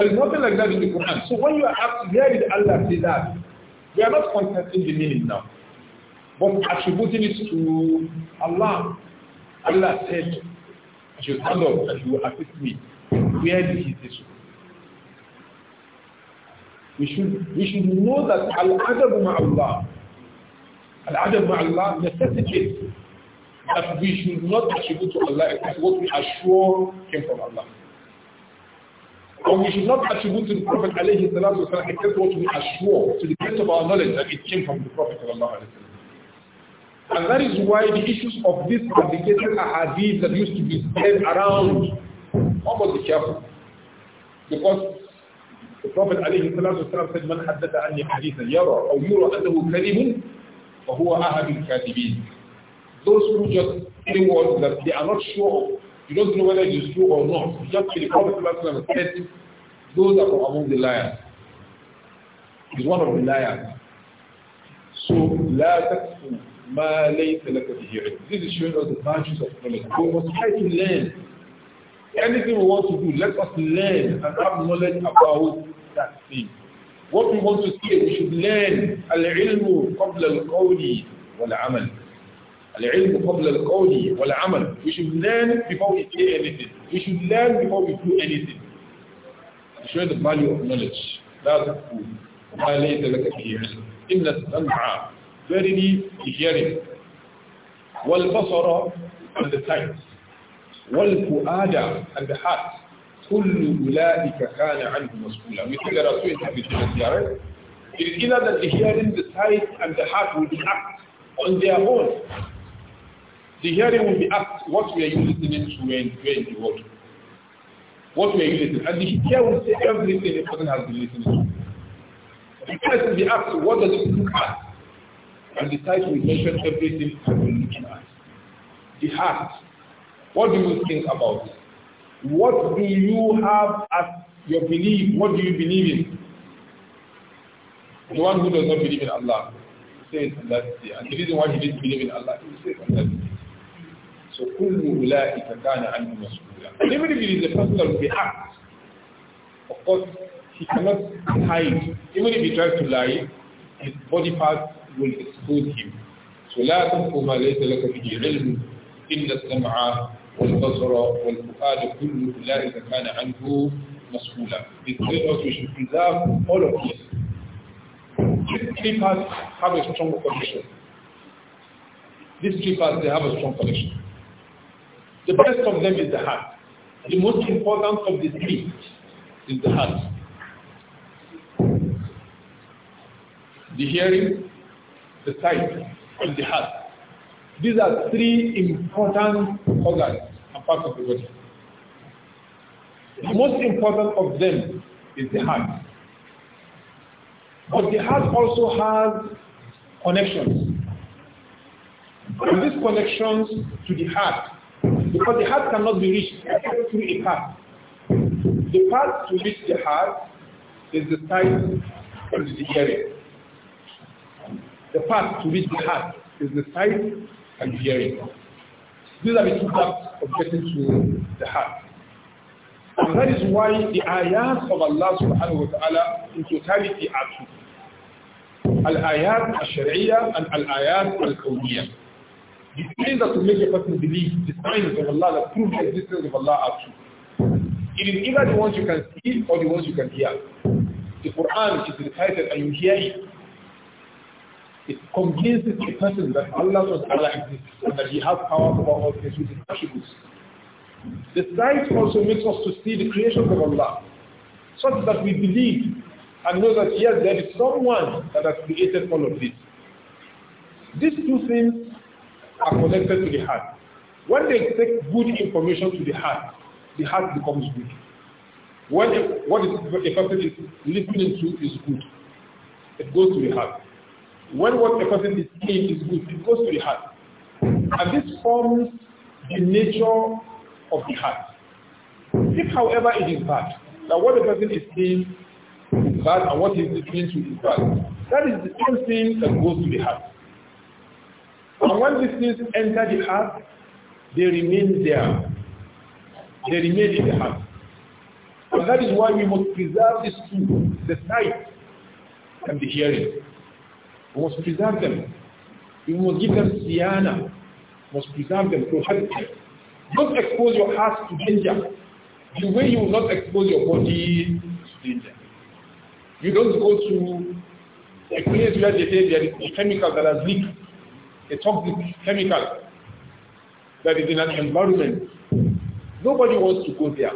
There is nothing like that in the Quran. So when you ask, where did Allah say that? We are not contesting the meaning now, but attributing it to Allah. Allah said, I should stand up and you assist me. Where did he say so? We should, we should know that Al-Adab Allah, Al-Adab Allah necessitates that we should not attribute to Allah what we are sure came from Allah. Or we should not attribute to the Prophet alayhi salatu wasalam except what we are sure to the best of our knowledge that it came from the Prophet sallallahu And that is why the issues of this fabricated ahadith that used to be spread around, one must be careful. Because the Prophet alayhi salatu wasalam said, من حدث عني حديثا يرى أو يرى أنه كذب فهو أحد الكاذبين. Those who just say words that they are not sure you don't know whether it is true or not. You just the Prophet said, those are among the liars. He's one of the liars. So, لا تكفو ما ليس لك به This is showing us the virtues of knowledge. We must try to learn. Anything we want to do, let us learn and have knowledge about that thing. What we want to see, we should learn. العلم قبل القول والعمل. العلم قبل القول والعمل we should learn before we say anything we should learn before we do anything to show the value of knowledge That's تكفو ما ليس لك به علم إن السمع verily the hearing والبصر and the sight والفؤاد and the heart كل أولئك كان عنه مسؤولا we think there are two interpretations here right? it is either that the hearing the sight and the heart will act on their own the hearing will be asked, what we you listening to when you in the world? What we you listening to? And the hearer will say everything the person has been listening to. The person will be asked, what does it look at? And the site will mention everything has been looking at. The heart, what do you think about? What do you have as your belief? What do you believe in? The one who does not believe in Allah says that, and the reason why he didn't believe in Allah, he says that. Even if it is a person of act, of course, he cannot hide. Even if he tries to lie, his body parts will expose him. So لا تنف ما ليس لك به علم إن السمع والبصر والفؤاد كل أولئك كان عنه مسؤولا. we should preserve all of this. These three parts have a strong connection. These three parts, they have a strong connection. The best of them is the heart. The most important of the three is the heart. The hearing, the sight, and the heart. These are three important organs and parts of the body. The most important of them is the heart. But the heart also has connections. And these connections to the heart because the heart cannot be reached through a path. The path to reach the heart is the sight and the hearing. The path to reach the heart is the sight and the hearing. These are the two paths of getting to the heart. And that is why the ayat of Allah subhanahu wa ta'ala in totality are two. Al-ayat al-shari'iyah and al-ayat al-kawniyah. The things that will make a person believe, the signs of Allah that prove the existence of Allah are true. It is either the ones you can see or the ones you can hear. The Quran is recited and you hear it, it convinces the person that Allah does exists and that He has power over all things with His attributes. The sight also makes us to see the creations of Allah, such that we believe and know that yes, there is someone that has created all of this. These two things are connected to the heart. When they take good information to the heart, the heart becomes good. When a, what is, a person is listening to is good, it goes to the heart. When what a person is seeing is good, it goes to the heart. And this forms the nature of the heart. If, however, it is bad, that what the person is seeing is bad and what he is listening to is bad, that is the same thing that goes to the heart. And when these things enter the heart, they remain there. They remain in the heart. And that is why we must preserve these two, the sight and the hearing. We must preserve them. We must give them siana. We must preserve them, protect them. Don't expose your heart to danger. The way you will not expose your body to danger. You don't go to a place where they say there is a chemical that has leaked a toxic chemical that is in an environment. Nobody wants to go there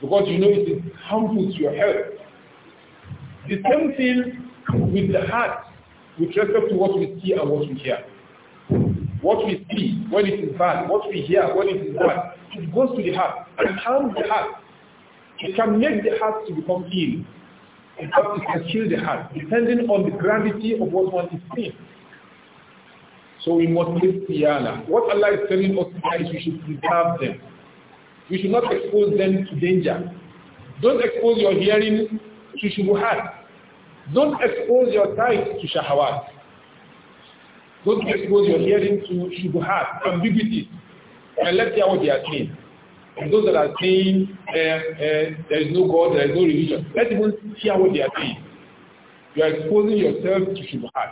because you know it is harmful to your health. The same thing with the heart with respect to what we see and what we hear. What we see when it is bad, what we hear when it is bad, it goes to the heart. and harms the heart. It can make the heart to become ill. In fact, it can kill the heart, depending on the gravity of what one is seeing. So we must live tiyana. What Allah is telling us is we should preserve them. We should not expose them to danger. Don't expose your hearing to shubuhat. Don't expose your sight to shahawat. Don't expose your hearing to shubuhat, Ambiguities. And let's hear what they are saying. And those that are saying uh, uh, there is no God, there is no religion, let's even hear what they are saying. You are exposing yourself to shubuhat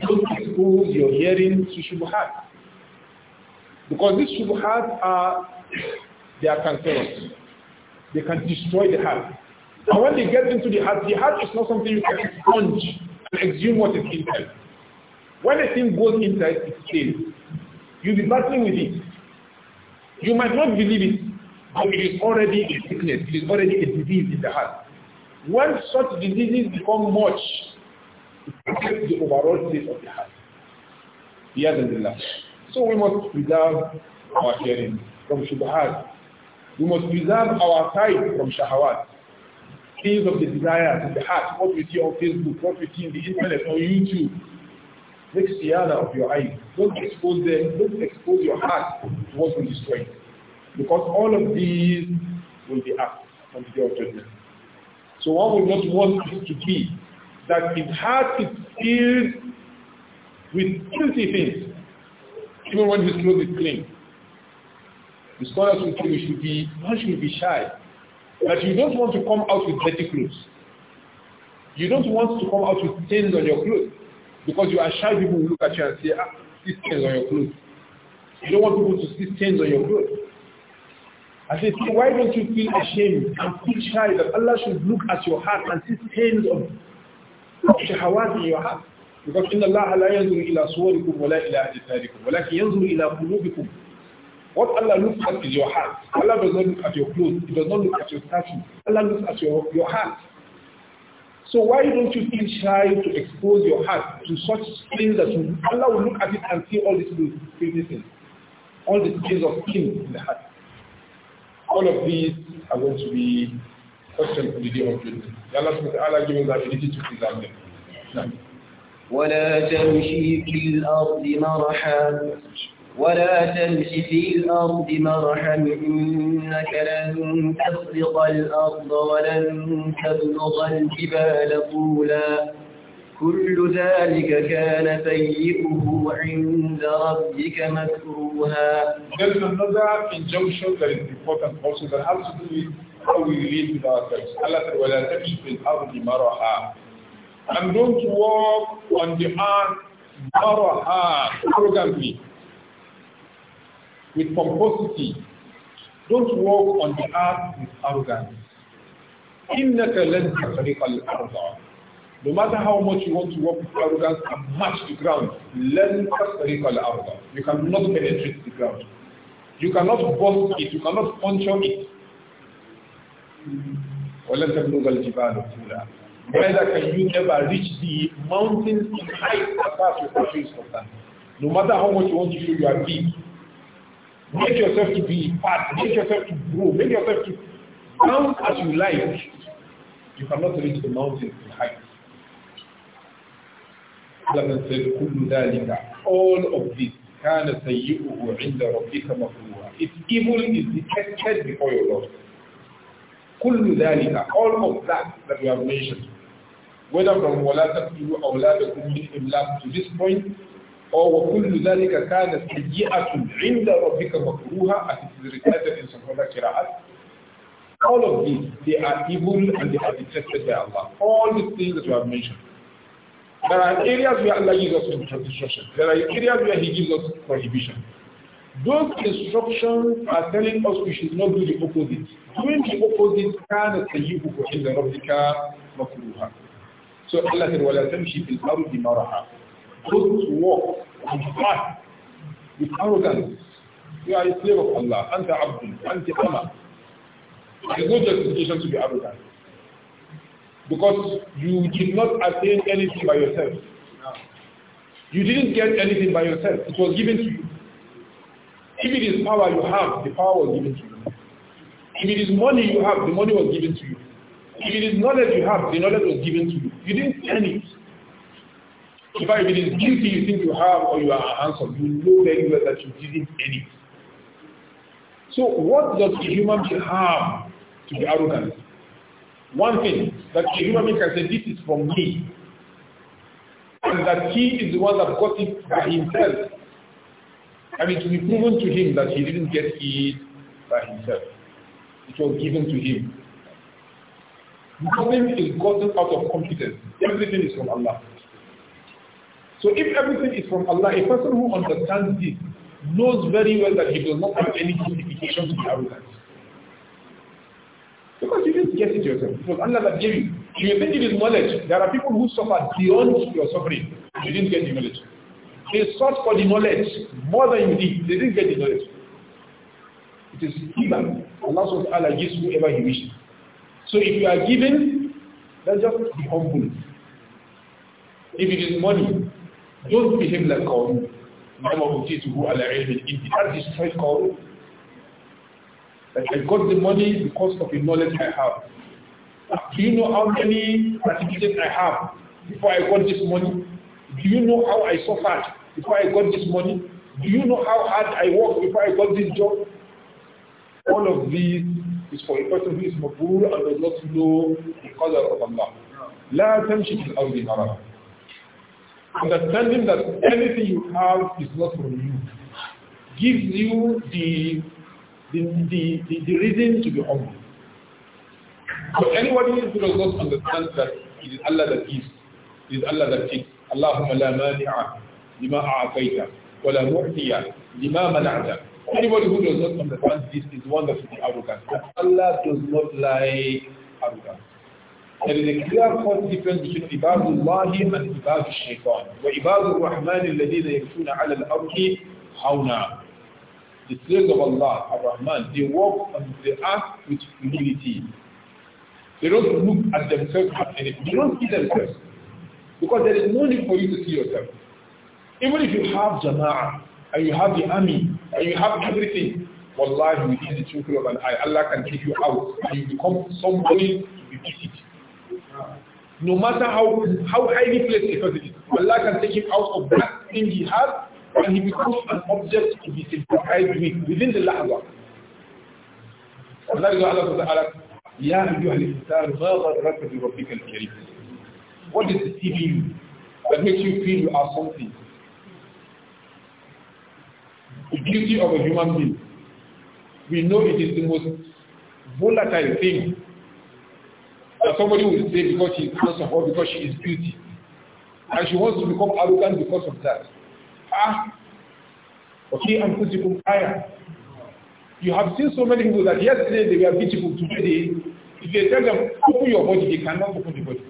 don't expose your hearing to Shubuhat. Because these Shubuhat are, they are cancerous. They can destroy the heart. And when they get into the heart, the heart is not something you can expunge and exhume what is inside. When a thing goes inside, it stays. You'll be battling with it. You might not believe it, but it is already a sickness. It is already a disease in the heart. When such diseases become much, affect the overall state of the heart. Yes, Allah. So we must preserve our hearing from shubhat. We must preserve our sight from shahawat. Things of the desire in the heart, what we see on Facebook, what we see in the internet, on YouTube. Make siyana of your eyes. Don't expose them. Don't expose your heart to what will destroy Because all of these will be asked on the day of judgment. So one would not want it to be that his heart is filled with filthy things, even when his clothes is clean. The scholars will say you should be, one should be shy, that you don't want to come out with dirty clothes. You don't want to come out with stains on your clothes because you are shy people will look at you and say, ah, see stains on your clothes. You don't want people to see stains on your clothes. I said, why don't you feel ashamed and feel shy that Allah should look at your heart and see stains of shahawati you have. Because إِنَّ اللَّهَ لَا يَنْظُرُ إِلَىٰ صُوَرِكُمْ وَلَا إِلَىٰ أَجْسَادِكُمْ وَلَكِنْ يَنْظُرُ إِلَىٰ What Allah looks at is your heart. Allah does not look at your clothes. He does not look at your statue. Allah looks at your, your heart. So why don't you feel shy to expose your heart to such things that you, Allah will look at it and see all these things, all these things of sin in the heart. All of these are going to be questioned on the day of judgment. يلا سبحانه وتعالى جميل ذلك لكي تكون نعم ولا تمشي في الأرض مرحا ولا تمشي في الأرض مرحا إنك لن تخلق الأرض ولن تبلغ الجبال طولا كل ذلك كان سيئه عند ربك مكروها. another injunction that is important also that has to do with how we relate with ourselves. Allah said, وَلَا تَمِشْ فِي الْأَرْضِ مَرَحًا I'm going to walk on the earth maraha, arrogantly, with pomposity. Don't walk on the earth with arrogance. إِنَّكَ لَنْ تَخْرِقَ الْأَرْضَ No matter how much you want to walk with arrogance and match the ground, لَنْ تَخْرِقَ الْأَرْضَ You cannot penetrate the ground. You cannot bust it. You cannot puncture it. ولن تبلغ الجبال طولا Neither can you ever reach the mountains in height above your country of concerned. No matter how much you want to show you are big, make yourself to be fat, make yourself to grow, make yourself to count as you like. You cannot reach the mountains in height. Allah said, كل ذلك, all of this كان سيئه عند ربك مفروضا. Its evil is detected before your Lord. كل ذلك all of that that we have mentioned whether from ولا تقتلوا أولادكم من إملاق to this point or وكل ذلك كان سيئة عند ربك مكروها as it is recited in some other قراءات all of these they are evil and they are detested by Allah all the things that we have mentioned there are areas where Allah gives us instruction there are areas where He gives us prohibition those instructions are telling us we should not do the opposite. Doing the opposite كان سيئه عند ربك مكروها. So Allah said, وَلَا تَمْشِي فِي الْأَرْضِ Those who walk and fight with arrogance. You are a slave of Allah. أنت عبد. أنت أمة. There is no justification to be arrogant. Because you did not attain anything by yourself. You didn't get anything by yourself. It was given to you. If it is power you have, the power was given to you. If it is money you have, the money was given to you. If it is knowledge you have, the knowledge was given to you. You didn't earn it. In fact, if it is beauty you think you have or you are handsome, you know very well that you didn't earn it. So what does a human being have to be arrogant? One thing that a human being can say, this is from me. And that he is the one that got it by himself. I mean, it will be proven to him that he didn't get it by himself. It was given to him. Nothing is gotten out of confidence. Everything is from Allah. So if everything is from Allah, a person who understands this knows very well that he does not have any justification to be arrogant. Because you didn't get it yourself. It was Allah that gave you. You think it is knowledge. There are people who suffer beyond your suffering. You didn't get the knowledge. They sought for the knowledge more than you did. They didn't get the knowledge. It is given. Allah SWT gives whoever He wishes. So if you are given, then just be humble. If it is money, don't behave like Qarun. That destroyed Qarun. That I got the money because of the knowledge I have. Do you know how many certificates I have before I got this money? Do you know how I suffered? before I got this money? Do you know how hard I worked before I got this job? All of these is for a person who is mabur and does not know the color of Allah. La تمشي al Understanding that anything you have is not from you gives you the the, the, the, the reason to be humble. So anybody who does not understand that it is Allah that gives, it is Allah that takes, Allahumma la mani'a lima a'afaita, wala mu'tiya lima mana'ta. Anybody who does not understand this is one that is arrogant. But Allah does not like arrogance. There is a clear cut difference between Ibadullah and Ibad shaitan. وَإِبَادُ الرَّحْمَنِ الَّذِينَ يَمْشُونَ عَلَى الْأَرْضِ هَوْنًا The slaves of Allah, Ar-Rahman, they walk on the earth with humility. They don't look at themselves as anything. They don't see themselves. Because there is no need for you to see yourself. Even if you have jama'ah, and you have the army, and you have everything, wallahi, within the twinkle of an eye, Allah can take you out, and you become somebody to be pitied. No matter how, how highly placed a person is, Allah can take him out of that thing he has, and he becomes an object to be sympathized with within the lahza. Allah Ta'ala يا أيها الإنسان ما غرك بربك الكريم What is deceiving you that makes you feel you are something the beauty of a human being. We know it is the most volatile thing that somebody will say because she is handsome or because she is beauty. And she wants to become arrogant because of that. Ah, okay, I'm beautiful. I You have seen so many people that yesterday they were beautiful, today if they tell them, open your body, they cannot open the body.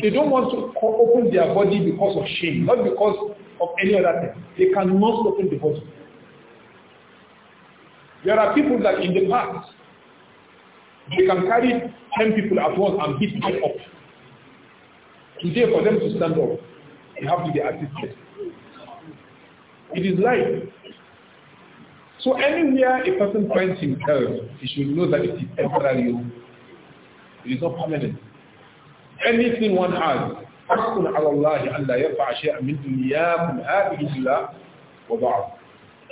They don't want to open their body because of shame, not because of any other thing. They cannot most the body. There are people that in the past, they can carry 10 people at once and beat them up. Today, for them to stand up, they have to be assisted. It is life. So anywhere a person finds himself, he should know that it is temporary. It is not permanent. Anything one has حق على الله أن لا يرفع شيئا من دنياكم هذه إلا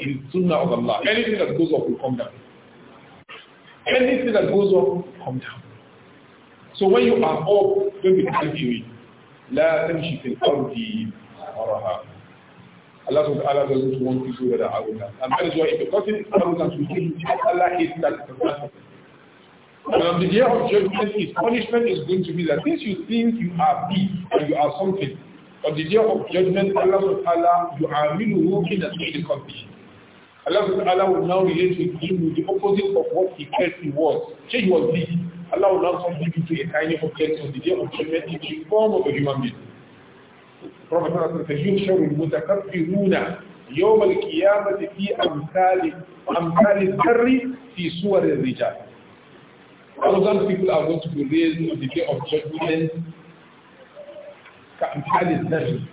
Anything that goes up will come down. Anything that goes up will come down. So when you are up, don't be arguing. لا تمشي في الأرض مرها. Allah says, wa doesn't want people that are arrogant. And that is why if a person is arrogant, we give Allah hates that person. And on the day of judgment, his punishment is going to be that since you think you are big and you are something, on the day of judgment, Allah Ta'ala, you are really working as a company. Allah Ta'ala will now relate with him with the opposite of what he said he was. Say he was big. Allah will now you him into a tiny object on the day of judgment in the form of a human being. Prophet says, يَوْمَ الْقِيَامَةِ فِي أَمْثَالِ أَمْثَالِ الذَّرِّ فِي سُوَرِ الرِّجَالِ Thousand people are going to be raised on the day of judgment. That is nothing.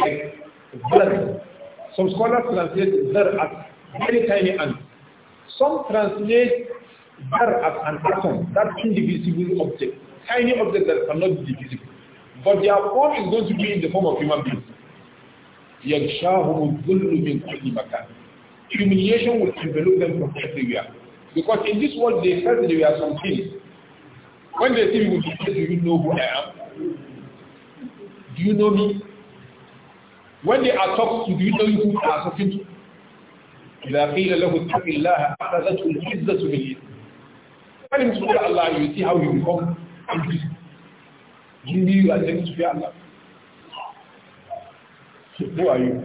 Like zar. Some scholars translate there as very tiny ant. Some translate there as an atom, that indivisible object, tiny object that cannot be divisible. But their form is going to be in the form of human beings. يغشاهم الظل من كل Humiliation will envelop them from everywhere. Because in this world, they felt they were some things. When they see you, they say, do you know who I am? Do you know me? When they are talking to you, do you know who they are talking to? إذا قيل له اتق الله أخذته العزة بالإثم. When you fear Allah, you see how you become angry. You knew you are going to Allah. So who are you?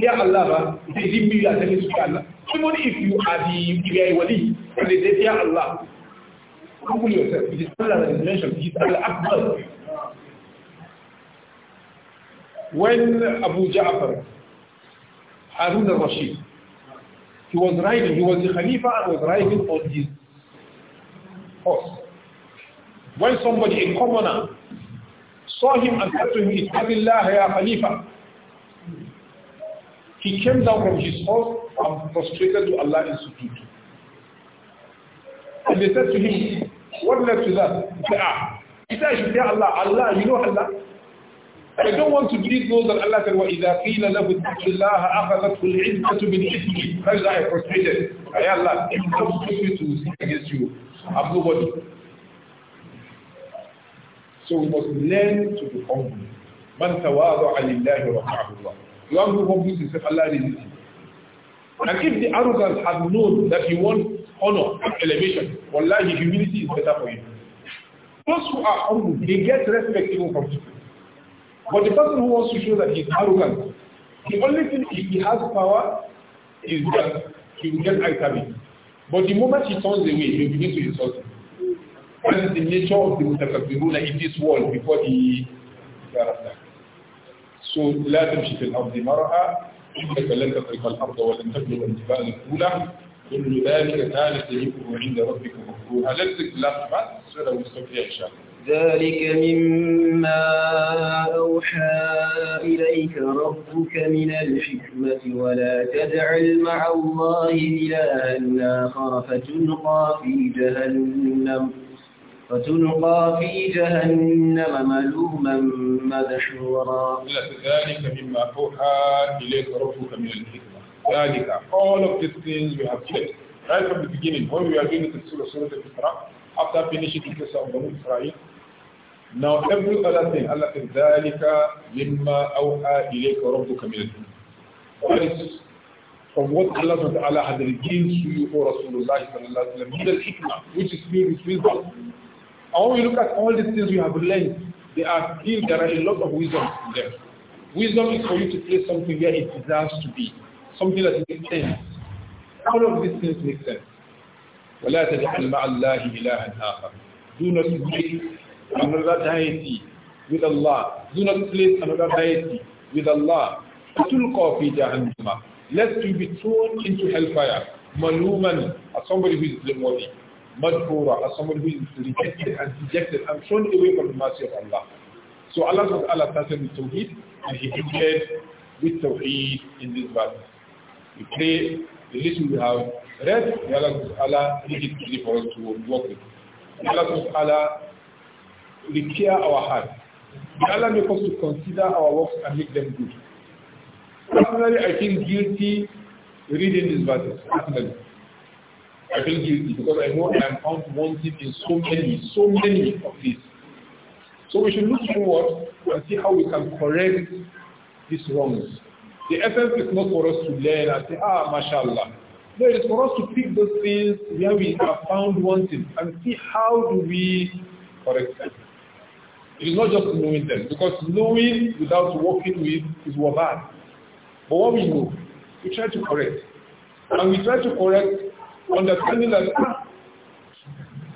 Fear Allah, they didn't you are going to Allah. Even if you are the if you are a wali and they say, Dear Allah, humble yourself. It is Allah that is mentioned. It is Allah Akbar. When Abu Ja'far, Harun al-Rashid, he was riding, he was the Khalifa and was riding on his horse. When somebody, a commoner, saw him and said to him, Ittabillah ya Khalifa, he came down from his horse and prostrated to Allah in sujood. And they said to him, what led to that? He said, ah. He said, I should tell Allah, Allah, you know Allah? I don't want to believe those that Allah said, وَإِذَا قِيلَ لَهُ اتَّقِ اللَّهِ أَخَذَتْهُ الْعِزَّةُ بِالْإِثْمِ That is why I prostrated. Ay Allah, i comes to you to sin against you. I'm nobody. So we must learn to be humble. مَنْ تَوَاضَعَ لِلَّهِ وَقَعَهُ اللَّهِ you have no confidence in Allah raises you. And if the arrogant had known that he wants honor and elevation, wallahi, humility is better for him. Those who are humble, they get respect even from people. But the person who wants to show that he is arrogant, the only thing if he has power is that he will get eye But the moment he turns away, he begin to insult him. That is the nature of the mutakabiruna in this world before the character. لا تمشي في الأرض مرأة إنك لن تطرق الأرض ولن تبلغ الجبال الأولى كل ذلك كان سيئه عند ربك مكروها لن لا تبعث سورة مستقية إن شاء الله ذلك مما أوحى إليك ربك من الحكمة ولا تجعل مع الله إلها آخر فتلقى في جهنم فتلقى في جهنم ملوما مدحورا ذلك مما أوحى إليك ربك من الحكمة ذلك all of these things we have said right from the beginning when we are doing the Surah Surah Al-Isra after finishing the case of Banu Israel now every other thing Allah says ذلك مما أوحى إليك ربك من الحكمة that is from what Allah subhanahu wa ta'ala had revealed to you, O Rasulullah sallallahu alayhi wa sallam, which is filled with wisdom. Or we look at all these things we have learned, there are things there are a lot of wisdom in there. Wisdom is for you to place something where it deserves to be, something that makes sense. All of these things make sense. Do not place another deity with Allah. Do not place another deity with Allah. Let Lest you be thrown into hellfire. Maluman, as somebody who is blameworthy madhura, as someone who is rejected and dejected and thrown away from the mercy of Allah. So Allah was Allah started with Tawheed and he ended with Tawheed in this verse. We pray the lesson we have read, may Allah subhanahu wa ta'ala make it easy for us to work with. May Allah subhanahu wa ta'ala repair our heart. May Allah make us to consider our works and make them good. Personally, I feel guilty reading this verse. Personally. I feel because I know I am found wanting in so many, so many of these. So we should look forward and see how we can correct these wrongs. The essence is not for us to learn and say, ah, mashallah. No, it is for us to pick those things where we are found wanting and see how do we correct them. It is not just knowing them, because knowing without working with is bad. But what we know, we try to correct. And we try to correct understanding that Allah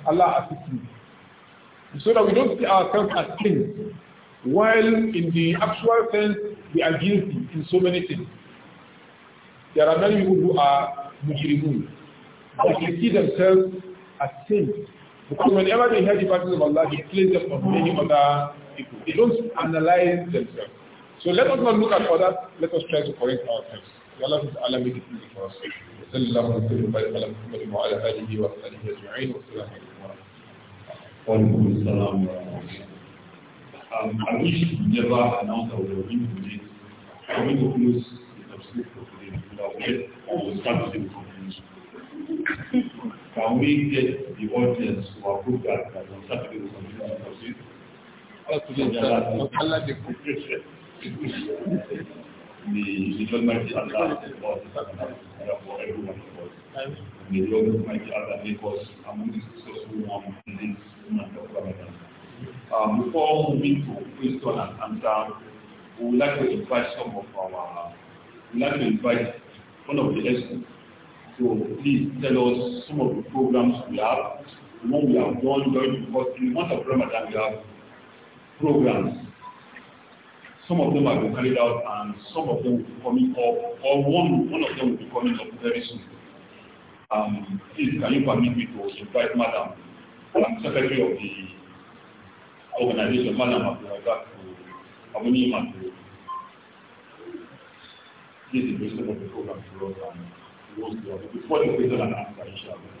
Allah assists me. So that we don't see ourselves as things, while in the actual sense, we are guilty in so many things. There are many people who are mujrimun. But they see themselves as saints. Because whenever they hear the verses of Allah, they place them on many other people. They don't analyze themselves. So let us not look at others, let us try to correct ourselves. يلا في على ميدة الإخلاص صلى الله عليه وسلم على محمد وعلى آله وأصحابه أجمعين والسلام عليكم وعليكم السلام ورحمة الله I wish never announce our win today. I will close the tafsir for today. We will start with the conclusion. Can we get the audience to approve that that on Saturday we continue the tafsir? Allah the conclusion. May the Lord Mighty Allah support for everyone of us. May the Lord Mighty Allah make us among the successful ones in this month of Ramadan. Um, before moving to question and answer, we would like to invite some of our, we would like to invite one of the experts to please tell us some of the programs we have, the one we have done during In the month of Ramadan, we have programs some of them have been carried out and some of them will be coming up, or one, one of them will be coming up very soon. Um, please, can you permit me to invite Madam, um, Secretary of the organization, Madam Abdulazak, to Abuni Matthew. This is the president of the program for us and those who are before the question and answer, inshallah.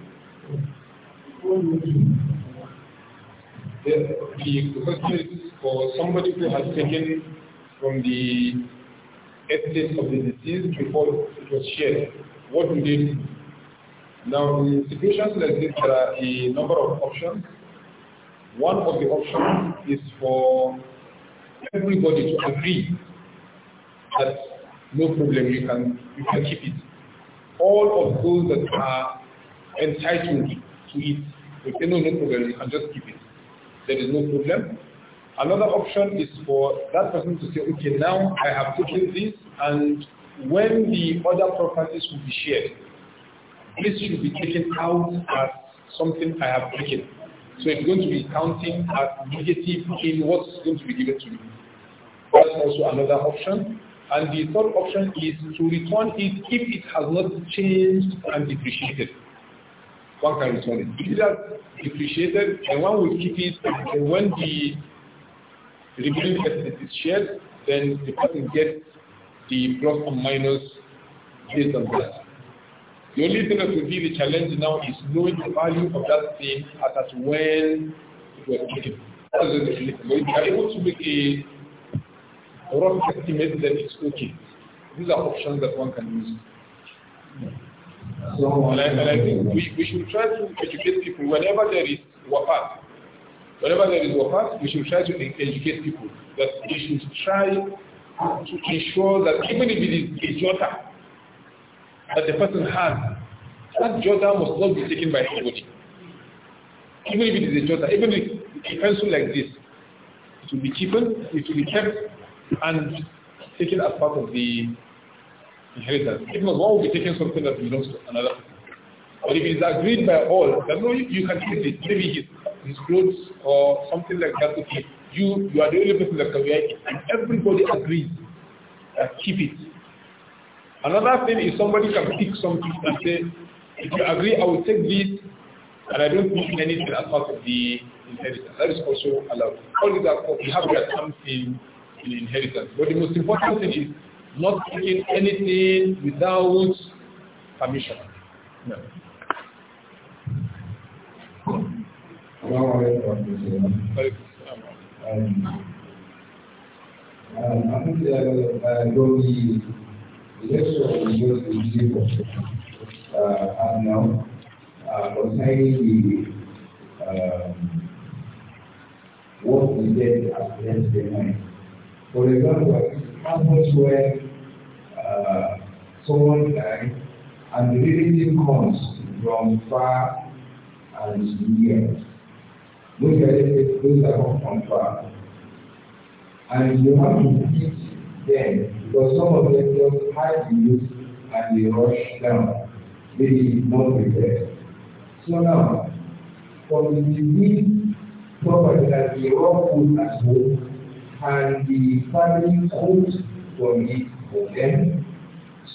The, the question is for somebody who has taken from the estate of the disease before it was shared, what do they do? Now, in situations like this, there are a number of options. One of the options is for everybody to agree that no problem, you can, you can keep it. All of those that are entitled to eat. We no, problem, and just keep it. There is no problem. Another option is for that person to say, okay, now I have taken this, and when the other properties will be shared, this should be taken out as something I have taken. So it's going to be counting as negative in what's going to be given to me. That's also another option. And the third option is to return it if it has not changed and depreciated one can return it. Dividend depreciated and one will keep it and when the remaining asset is shared, then the person gets the plus or minus based on that. The only thing that will be the challenge now is knowing the value of that thing at that when it was taken. That's the definition. But if you are able to make a rough estimate, then it's okay. These are options that one can use. And I, and I think we, we should try to educate people whenever there is wafat. Whenever there is wafat, we should try to educate people that we should try to ensure that even if it is a jota that the person has, that jota must not be taken by anybody. Even if it is a jota, even if a pencil like this, it will be cheapened, it will be kept and taken as part of the inheritance. If not, why would be taking something that belongs to another person? But if it's agreed by all then no, you can take it, maybe his, his clothes or something like that to keep, you, you are the only person that can wear it, and everybody agrees that keep it. Another thing is somebody can pick something and say, if you agree, I will take this, and I don't need anything as part of the inheritance. That is also allowed. All these are called, we have their terms in, in inheritance. But the most important thing is not taking anything without permission. No. Um, I think the lecture uh, we the uh, um, what we as For example, how much someone died, and the relative comes from far and near. Those relatives, those are not from far. And you have to teach them, because some of them just hide the news and they rush down, they not prepared. So now, for the disease property that we all put at home, and the family cooked for it for them,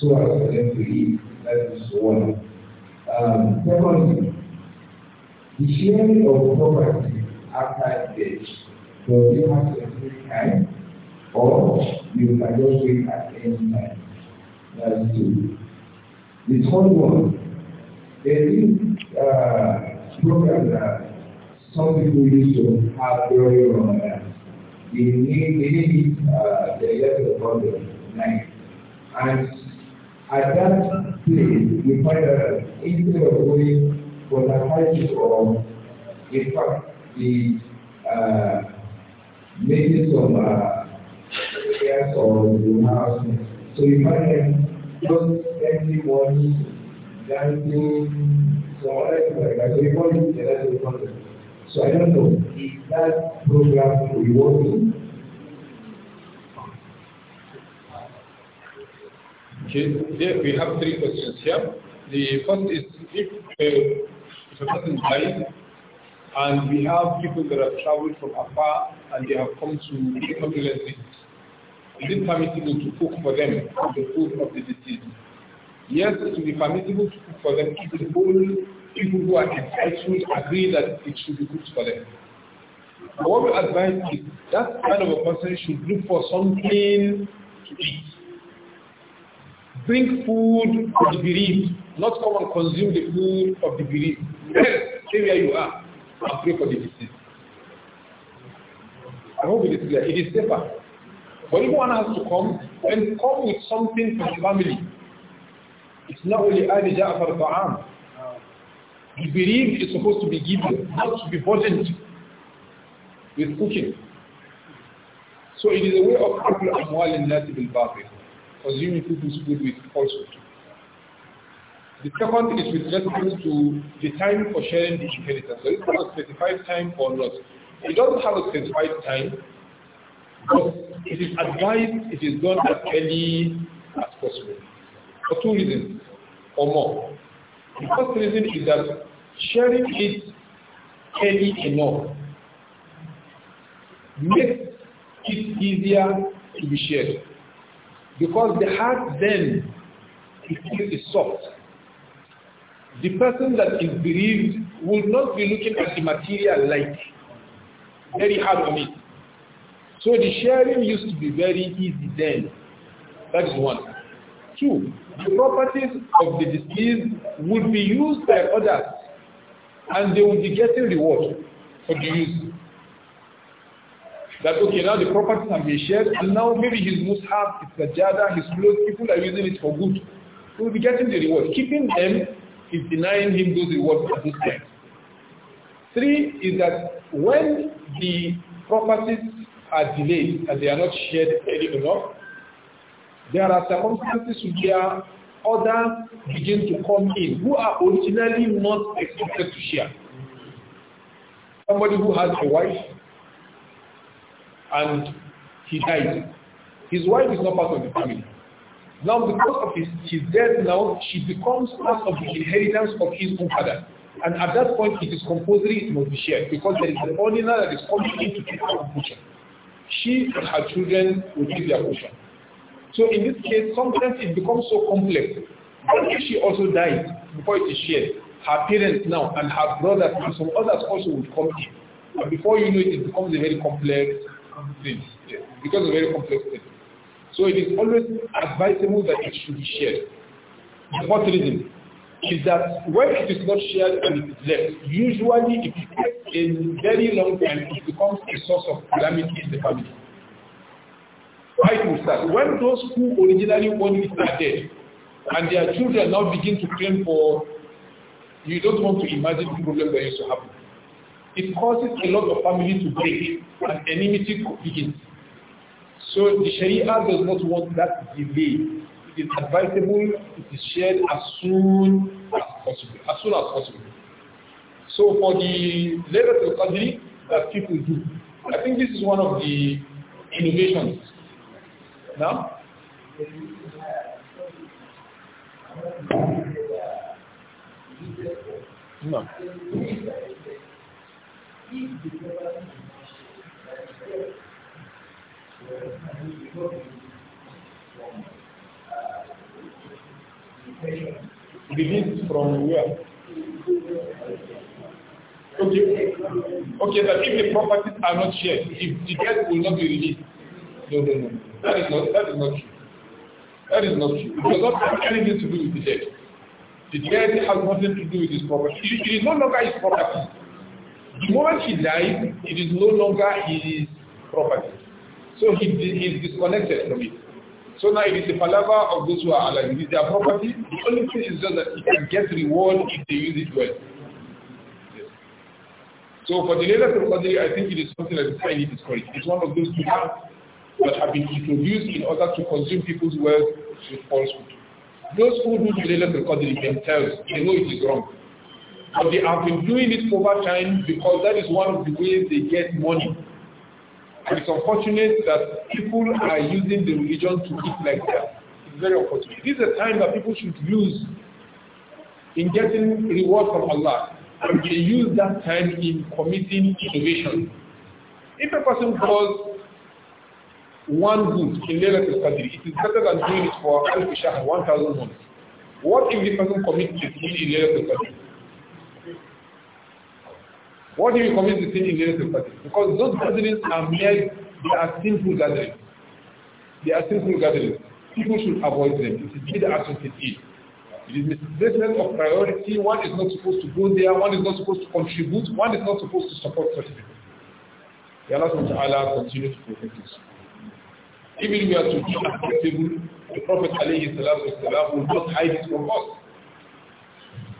surah referee, that is one. Um, secondly, the sharing of property after death, does it have to specific time or you can just wait at any time? That's two. The third one, there is uh, program that some people used to have very long lives. They need, they need uh, the left of the night. And At that place, we find that instead of going for the highest of, in fact, the uh, maybe some uh, areas or the house. So if find them just spending money, dancing, some other things like that. So you call it, that's you So I don't know, if that program will working. Okay, we have three questions here. The first is if, uh, if a person dies and we have people that have traveled from afar and they have come to the condolences, is it permissible to cook for them the food of the deceased? Yes, it will be permissible to cook for them if the whole people who are entitled agree that it should be cooked for them. But what we advise is that kind of a person should look for something to eat bring food to the bereaved, not come and consume the food of the bereaved. Stay where you are and pray for the deceased. I hope it is clear. It is safer. But if one has to come, then come with something for the family. It's not only Ali Ja'far Ta'am. The bereaved is supposed to be given, not to be burdened with cooking. So it is a way of Abdul Amwal in Nasi bil Babil consuming food is good with also. The second is with reference to the time for sharing the inheritance. So it's not a specified time or not. It don't have a specified time, but it is advised it is done as early as possible. For two reasons or more. The first reason is that sharing it early enough makes it easier to be shared. Because the heart then is soft. The person that is believed will not be looking at the material like very hard on it. So the sharing used to be very easy then. That is one. Two, the properties of the disease would be used by others and they would be getting reward for the use. That okay, now the property can be shared, and now maybe his mushaf, his sajada, his clothes, people are using it for good. He will be getting the reward. Keeping them is denying him those rewards at this time. Three is that when the properties are delayed and they are not shared early enough, there are circumstances where others begin to come in who are originally not expected to share. Somebody who has a wife and he died. His wife is not part of the family. Now because of his, his death now, she becomes part of the inheritance of his own father. And at that point, it is compulsory it must be shared because there is an ordinal that is coming in to take the portion. She and her children will take their portion. So in this case, sometimes it becomes so complex. But if she also dies before it is shared, her parents now and her brothers and some others also will come in. And before you know it, it becomes a very complex things. it's a very complex thing. So it is always advisable that it should be shared. The what reason? Is that when it is not shared and it is left, usually it takes a very long time, it becomes a source of calamity in the family. Right will When those who originally wanted it are dead, and their children now begin to claim for, you don't want to imagine the problem that used to happen it causes a lot of families to break and enmity begins. So the Sharia does not want that delay. It is advisable it is shared as soon as possible. As soon as possible. So for the of Qadri that people do, I think this is one of the innovations. Now, no. Begins from where? Okay. Okay, that if the properties are not shared, if the debt will not be released. No, no, no. That is not that is not true. That is not true. It does not have anything to do with the debt. The debt has nothing to do with his property. It is no longer his property. The moment he dies, it is no longer his property. So he is disconnected from it. So now it is the palaver of those who are alive. It is their property. The only thing is just that it can get reward if they use it well. Yes. So for the Laylatul Qadr, I think it is something that is highly discouraged. It's one of those things that have been introduced in order to consume people's wealth with falsehood. Those who do the Laylatul Qadr themselves, they know it is wrong. But they have been doing it over time because that is one of the ways they get money. And it's unfortunate that people are using the religion to eat like that. It's very unfortunate. This is a time that people should use in getting reward from Allah. And they use that time in committing innovation. If a person does one good in Laylatul Qadr, it is better than doing it for Al-Fishah, 1,000 months. What if the person commits it in Laylatul Qadr? What do you commit the sin in Laylatul Qadr? Because those gatherings are mere, they are sinful gatherings. They are sinful gatherings. People should avoid them. It is bid'ah to It is It is misplacement of priority. One is not supposed to go there. One is not supposed to contribute. One is not supposed to support such people. May Allah SWT continue to protect us. Even we are to be acceptable, the Prophet والسلام, will not hide it from us.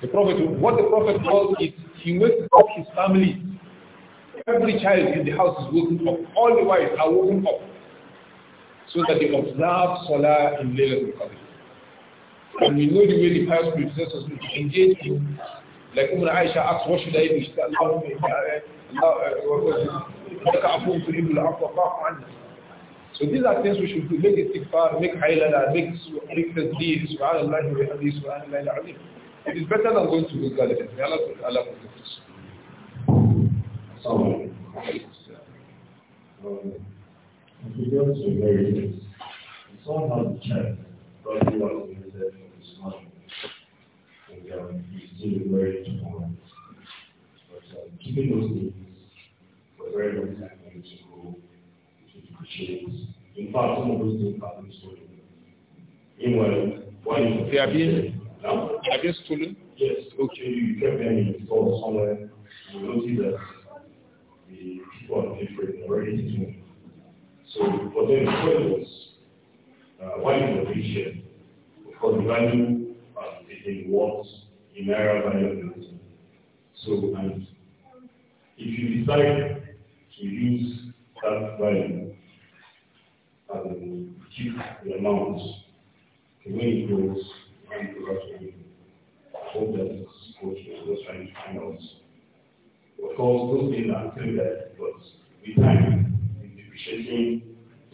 The Prophet, what the Prophet does is he wakes up his family. Every child in the house is waking up. All the wives are waking up. So that they observe Salah in Laylatul Qadr. And we know the way the pious predecessors will engage in. Like Umar Aisha asks, what should I do? She said, So these are things we should do. Make istighfar, make haylala, make, make tasdeed, subhanallah wa hamdi, subhanallah al-azim. It is better than going to look at it. May Allah put Allah protect us. someone has checked that he was committed for this money. And um, he's still married But um, keeping those things for a very long time for him to grow, to In fact, some of those things happen to him. Meanwhile, one is... They are being Huh? Have you stolen? Yes. Okay. You kept be in store somewhere. You notice that the people are different, already different. So for them, the was uh, one innovation. Of course, the value of taking what in Naira value So, and if you decide to use that value and keep the amount, the way it goes, trying all the those trying to find Of course, those things are still there, but we time, in depreciating,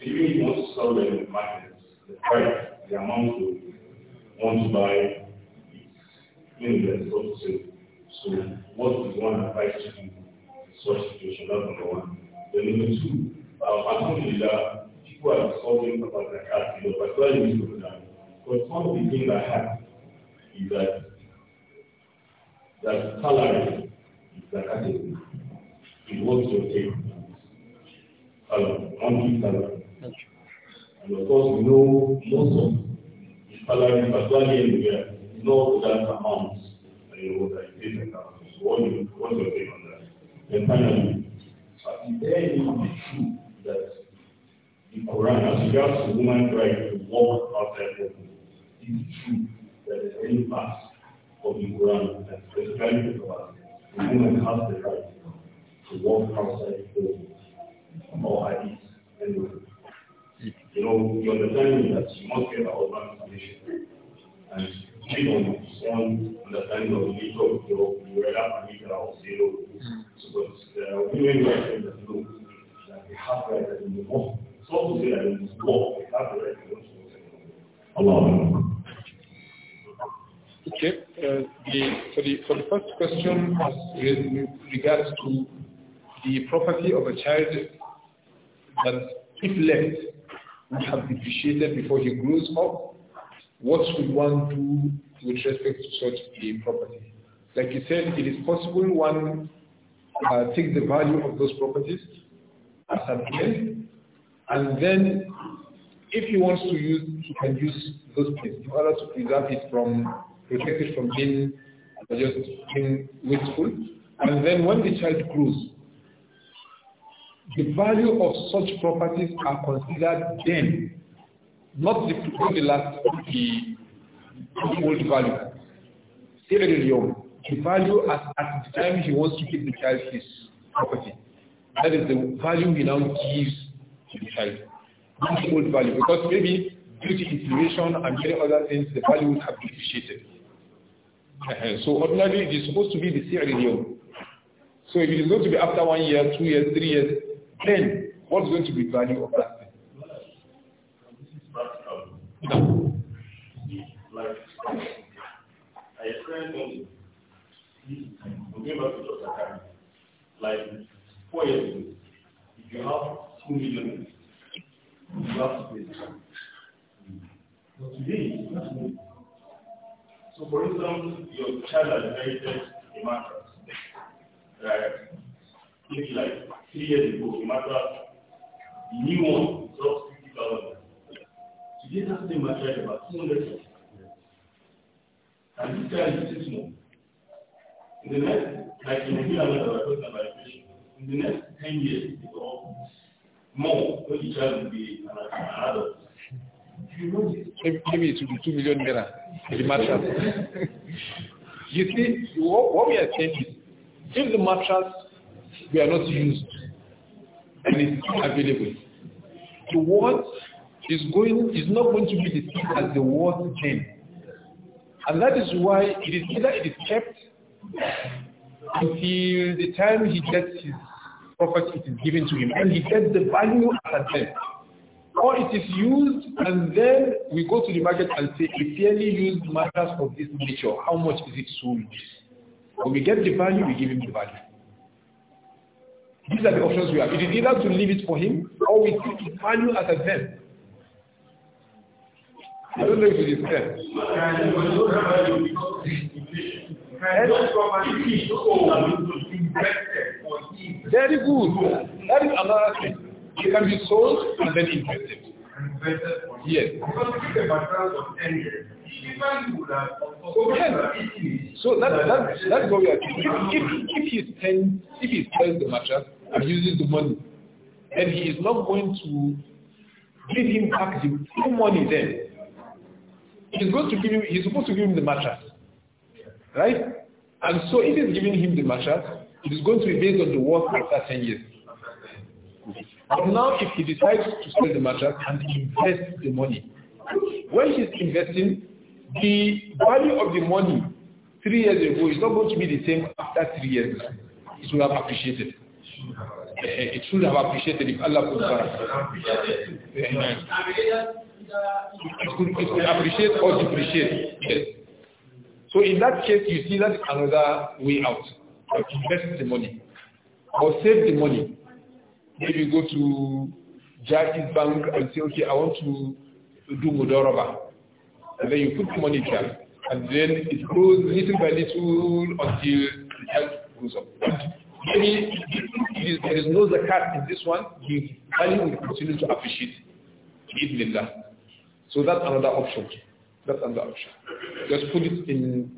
even if you want to sell them in the market, the price, the amount you want to buy, in the to sale. So what is one advice to you in such situation? That's number one. Then number two, uh, that people are solving about the cat, you know, you in but one of the things I have is that that salary is the category. It works your take. Salary, monthly salary. And of course, we know most of the salary, particularly in the not that amount. And what I say is that. So what what's your take on that? And finally, is there any issue in Quran as regards to woman's right to walk outside women. It is true that there is any verse of the Quran that specifically covers the woman has the right to walk outside women or at least anywhere. You know, the understanding that you must get our vaccination and based on one's understanding of the nature of the law, you read up and zero. but uh, women saying that no, that they have the law. Okay. Uh, the, for, the, for the first question, as regards to the property of a child that, if left, would have depreciated before he grows up, what should one do with respect to such a property? Like you said, it is possible one uh, takes the value of those properties as at and then if he wants to use, he can use those things in order to preserve it from, protect it from being uh, just being wasteful. And then when the child grows, the value of such properties are considered then, not the, not the last, the old value. Every the value at, at the time he wants to give the child his property. That is the value he now gives to the Don't hold value because maybe due to inflation and many other things, the value would have depreciated. Uh-huh. so ordinarily, it is supposed to be the siri deal. So if it is going to be after one year, two years, three years, then what's going to be value of that thing? Like, I experienced um, like four years ago, if you have two million. You have to pay the tax. But today, you have to So, for example, your child has inherited a mattress, right? Maybe like three years ago, a mattress, the new one, drops 50,000. Today, that same mattress is about 200,000. And this guy is six months. In the next, like in the middle of the in the next 10 years, it's all more, each child will be an adult. me it will be two million naira. The mattress. you see, what we are saying is, if the mattress we are not used and it's not available, the word is going is not going to be the same as the word then. And that is why it is either it is kept until the time he gets his prophet it is given to him and he gets the value at debt. Or it is used and then we go to the market and say, a fairly used matters of this nature, how much is it sold? When we get the value, we give him the value. These are the options we have. It is either to leave it for him or we take the value as a debt. I don't know if it is clear. And, very good. That is another thing. It can be sold and then invested. Yes. So, yes. so that, that, that's what we are doing. If, if, he spends, if he sells the mattress and uses the money, then he is not going to give him back the same money then. He's going to give him, he's supposed to give him the mattress. Right? And so it is giving him the mattress, it is going to be based on the worth after 10 years. But now if he decides to sell the mattress and invest the money, when he's investing, the value of the money three years ago is not going to be the same after three years. It will have appreciated. Eh, it should have appreciated if Allah could Amen. It could, it could appreciate or depreciate. Yes. So in that case, you see that's another way out or invest the money or save the money. Maybe you go to Jackie's bank and say, okay, I want to do Mudoraba. And then you put the money there. And then it grows little by little until the health goes up. Maybe if there is no zakat in this one, the value will continue to appreciate. Ibnillah. So that's another option. That's another option. Just put it in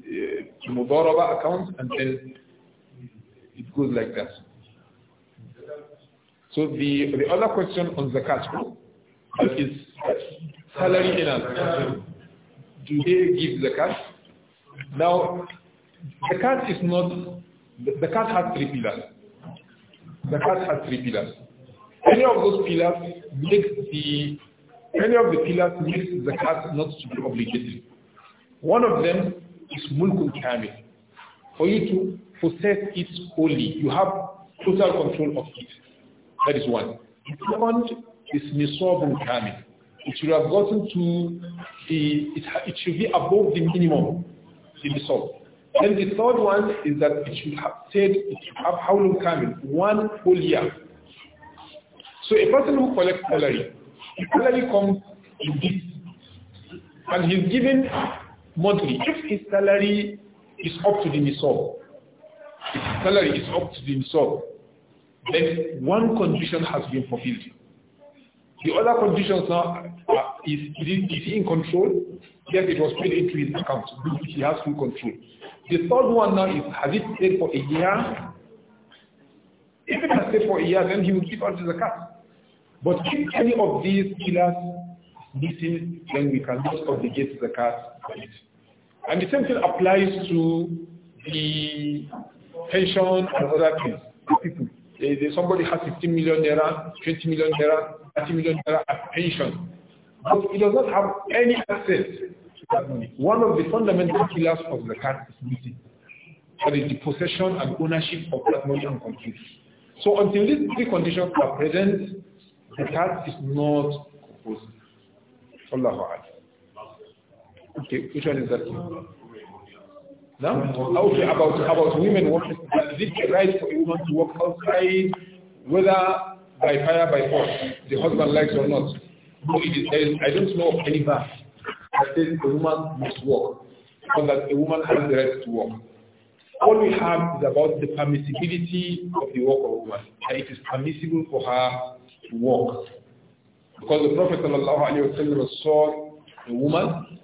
uh, Mudaraba account and then it goes like that. So the, the other question on zakat is salary earners. Do they give zakat? Now, zakat is not, zakat has three pillars. Zakat has three pillars. Any of those pillars makes the, any of the pillars makes zakat not to be obligatory. One of them is mulkul kamil. For you to possess it wholly. You have total control of it. That is one. Second is nisabun kami, It should have gotten to the, it, it should be above the minimum, the nisab. And the third one is that it should have said, it should have how long coming? One whole year. So a person who collects salary, his salary comes in this, and he's given monthly. If his salary is up to the nisab, salary is up to himself, then one condition has been fulfilled. The other conditions now is, is he in control? Yes, it was paid into his account. He has full control. The third one now is has it stayed for a year? If it has stayed for a year, then he will keep out the zakat. But if any of these pillars missing, then we cannot obligate zakat on it. And the same thing applies to the pension and other things to people. somebody has 15 million naira, 20 million naira, 30 million naira as pension. But he does not have any access to that money. One of the fundamental pillars of the card is missing. That is the possession and ownership of that money and complete. So until these three conditions are present, the card is not composed. Allahu Okay, which one is that? No? Okay, about, about women working, is it right for a woman to work outside, whether by fire, by force, the husband likes or not? No, it is, I don't know of any verse that says a woman must work, or that a woman has the right to work. All we have is about the permissibility of the work of a woman, it is permissible for her to work. Because the Prophet ﷺ saw a woman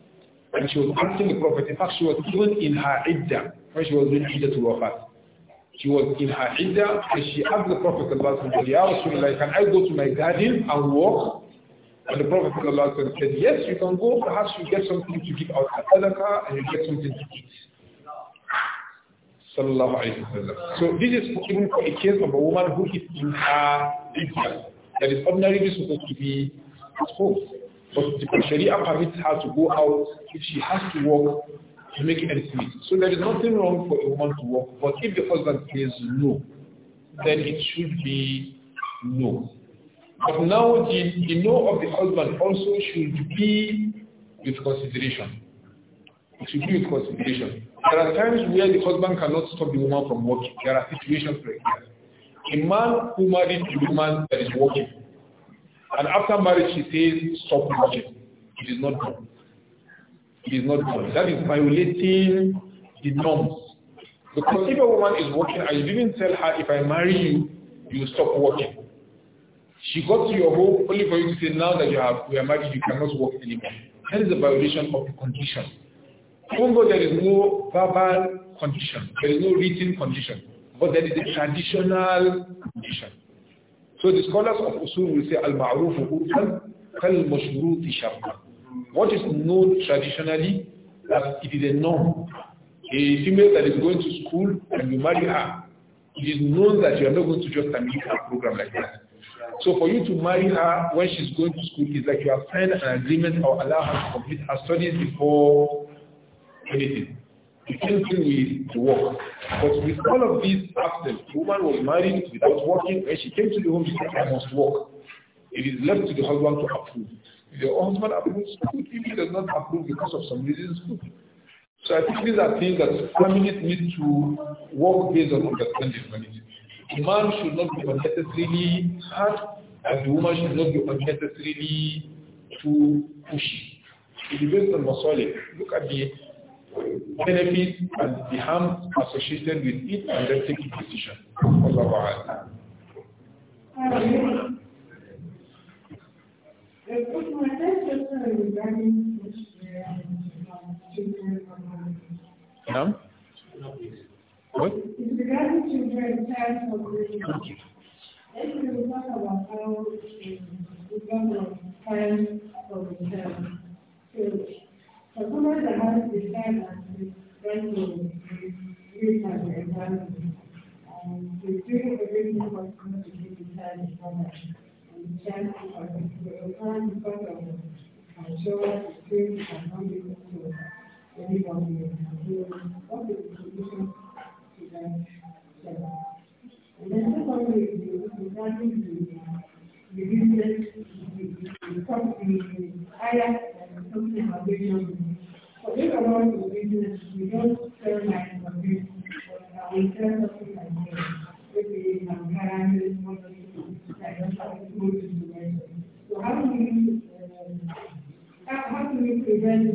and she was asking the Prophet. In fact, she was even in her iddah when she was doing iddah to wafat. She was in her iddah and she asked the Prophet, Ya Rasulullah, can I go to my garden and walk? And the Prophet said, yes, you can go. Perhaps you get something to give out the Adaka and you get something to eat. Sallallahu alayhi wa So this is even for a case of a woman who is in her iddah. That is ordinarily supposed to be exposed. But the Sharia permits her to go out if she has to work to make ends meet. So there is nothing wrong for a woman to work. But if the husband says no, then it should be no. But now the, the no of the husband also should be with consideration. It should be with consideration. There are times where the husband cannot stop the woman from working. There are situations like that. A man who married a woman that is working and after marriage, she says, stop watching. It is not done. It is not done. That is violating the norms. Because if a woman is working and you didn't tell her, if I marry you, you stop working. She got to your home only for you to say, now that you have, we are married, you cannot work anymore. That is a violation of the condition. Even though there is no verbal condition, there is no written condition, but there is a traditional condition. So the scholars of Usul will say al-ma'ruf urfan kal-mashruti sharqa. What is known traditionally that it is a norm. A female that is going to school and you marry her, it is known that you are not going to just terminate her program like that. So for you to marry her when she's going to school is like you have signed an agreement or allow her to complete her studies before anything. The same thing with work. But with all of these factors, the woman was married without working. and she came to the home, she said, I must work. It is left to the husband to approve. If your husband approves, good. If he does not approve because of some reasons, good. So I think these are things that families need to work based on understanding. The man should not be unnecessarily hard, and the woman should not be unnecessarily too pushy. It depends on Look at the benefits and the harms associated with it and then take a decision. Um, regarding What? It's regarding children, for Let's talk about how the government plans for the child. So who knows how to understand us is going to use And we're doing the reason for community research so much. And the chance for the time in front of us and show us the truth and how we can do it. Anybody do what is the solution to that challenge. And then secondly, regarding the the research, to the, the, the, the higher something if I we don't sell we sell something like this. Maybe my parents to So how do we how, we prevent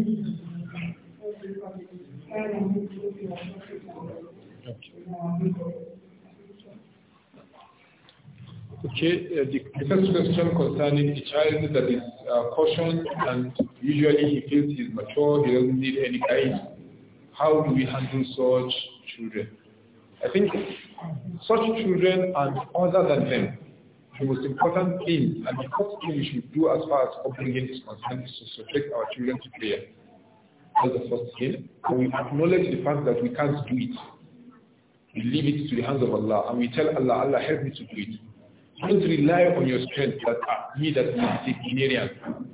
Okay, uh, the first question concerning the child that is uh, cautioned and usually he feels he's mature, he doesn't need any guidance. How do we handle such children? I think such children and other than them, the most important thing and the first thing we should do as far as upbringing is concerned is to subject our children to prayer. That's the first thing. And we acknowledge the fact that we can't do it. We leave it to the hands of Allah and we tell Allah, Allah help me to do it. Don't rely on your strength that ah, me that is disciplinarian.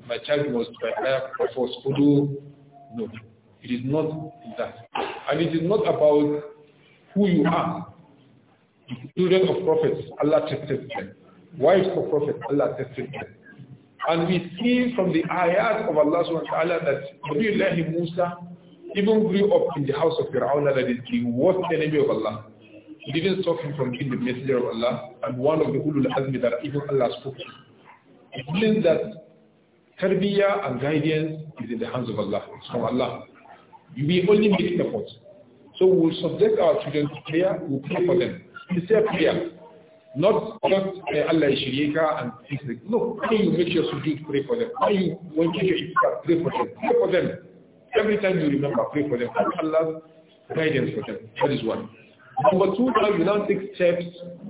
My child was by fire force. Although, no, it is not that. And it is not about who you are. Children of prophets, Allah tested them. Wives of prophets, Allah tested them. And we see from the ayat of Allah subhanahu wa ta'ala that Musa even grew up in the house of Fir'aun that is the worst enemy of Allah. He didn't stop him from being the messenger of Allah and one of the ulul azmi that even Allah spoke to. It means that tarbiyah and guidance is in the hands of Allah. It's from Allah. We only make efforts. So we'll subject our children to prayer, we will pray for them. Sincere prayer. Not just uh, Allah Shirika and things like No, How you make your sujood, pray for them. How you when you make your pray for them. Pray for them. Every time you remember, pray for them. Allah's guidance for them. That is one. Number two, we you now take steps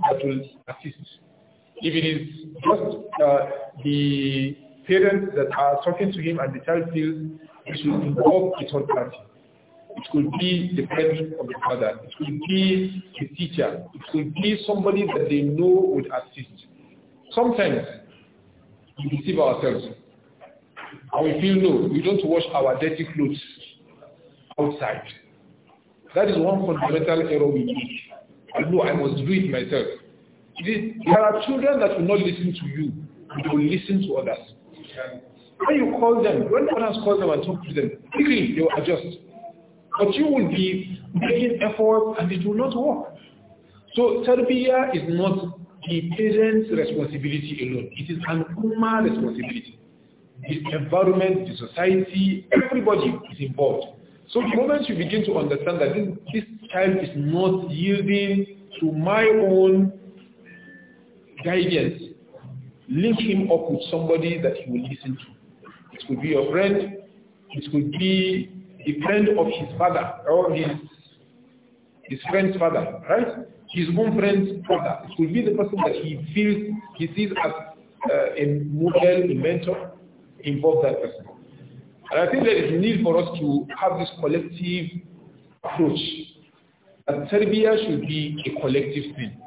that will assist. If it is just uh, the parents that are talking to him and the child feels it should involve a third party. It could be the parent of the father. It could be the teacher. It could be somebody that they know would assist. Sometimes we deceive ourselves. And we feel no, we don't wash our dirty clothes outside. That is one fundamental error we make. No, I must do it myself. There are children that will not listen to you. They will listen to others. When you call them, when others call them and talk to them, quickly they will adjust. But you will be making effort and it will not work. So Serbia is not the parent's responsibility alone. It is an human responsibility. The environment, the society, everybody is involved. So the moment you begin to understand that this, this child is not yielding to my own guidance, link him up with somebody that he will listen to. It could be a friend, it could be a friend of his father or his his friend's father, right? His own friend's father. It could be the person that he feels he sees as uh, a model, a mentor, involve that person. And I think there is a need for us to have this collective approach. That Serbia should be a collective thing.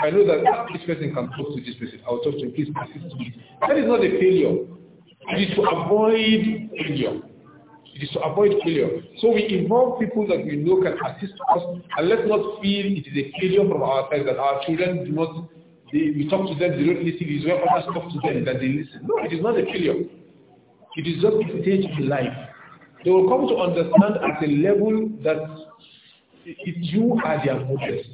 I know that this person can talk to this person. I'll talk to him. Please assist me. That is not a failure. It is to avoid failure. It is to avoid failure. So we involve people that we know can assist us and let's not feel it is a failure from our side that our children do not, they, we talk to them, they don't listen. It is when others talk to them that they listen. No, it is not a failure. It is just a stage in life. They will come to understand at a level that it, you are their models.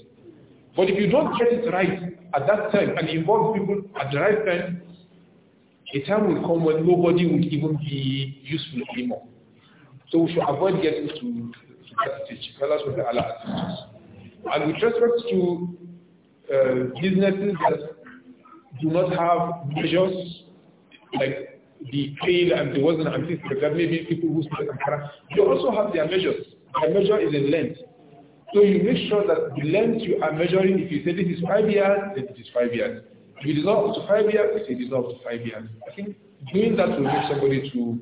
But if you don't get it right at that time and involve people at the right time, a time will come when nobody will even be useful anymore. So we should avoid getting to, to that stage. That's what Allah And with respect to uh, businesses that do not have measures like the scale and it wasn't. things like that, maybe people who speak Ankara, You also have their measures. Their measure is in length. So you make sure that the length you are measuring, if you say this is five years, then it is five years. If it is not up to five years, it is not up to five years. I think doing that will make somebody to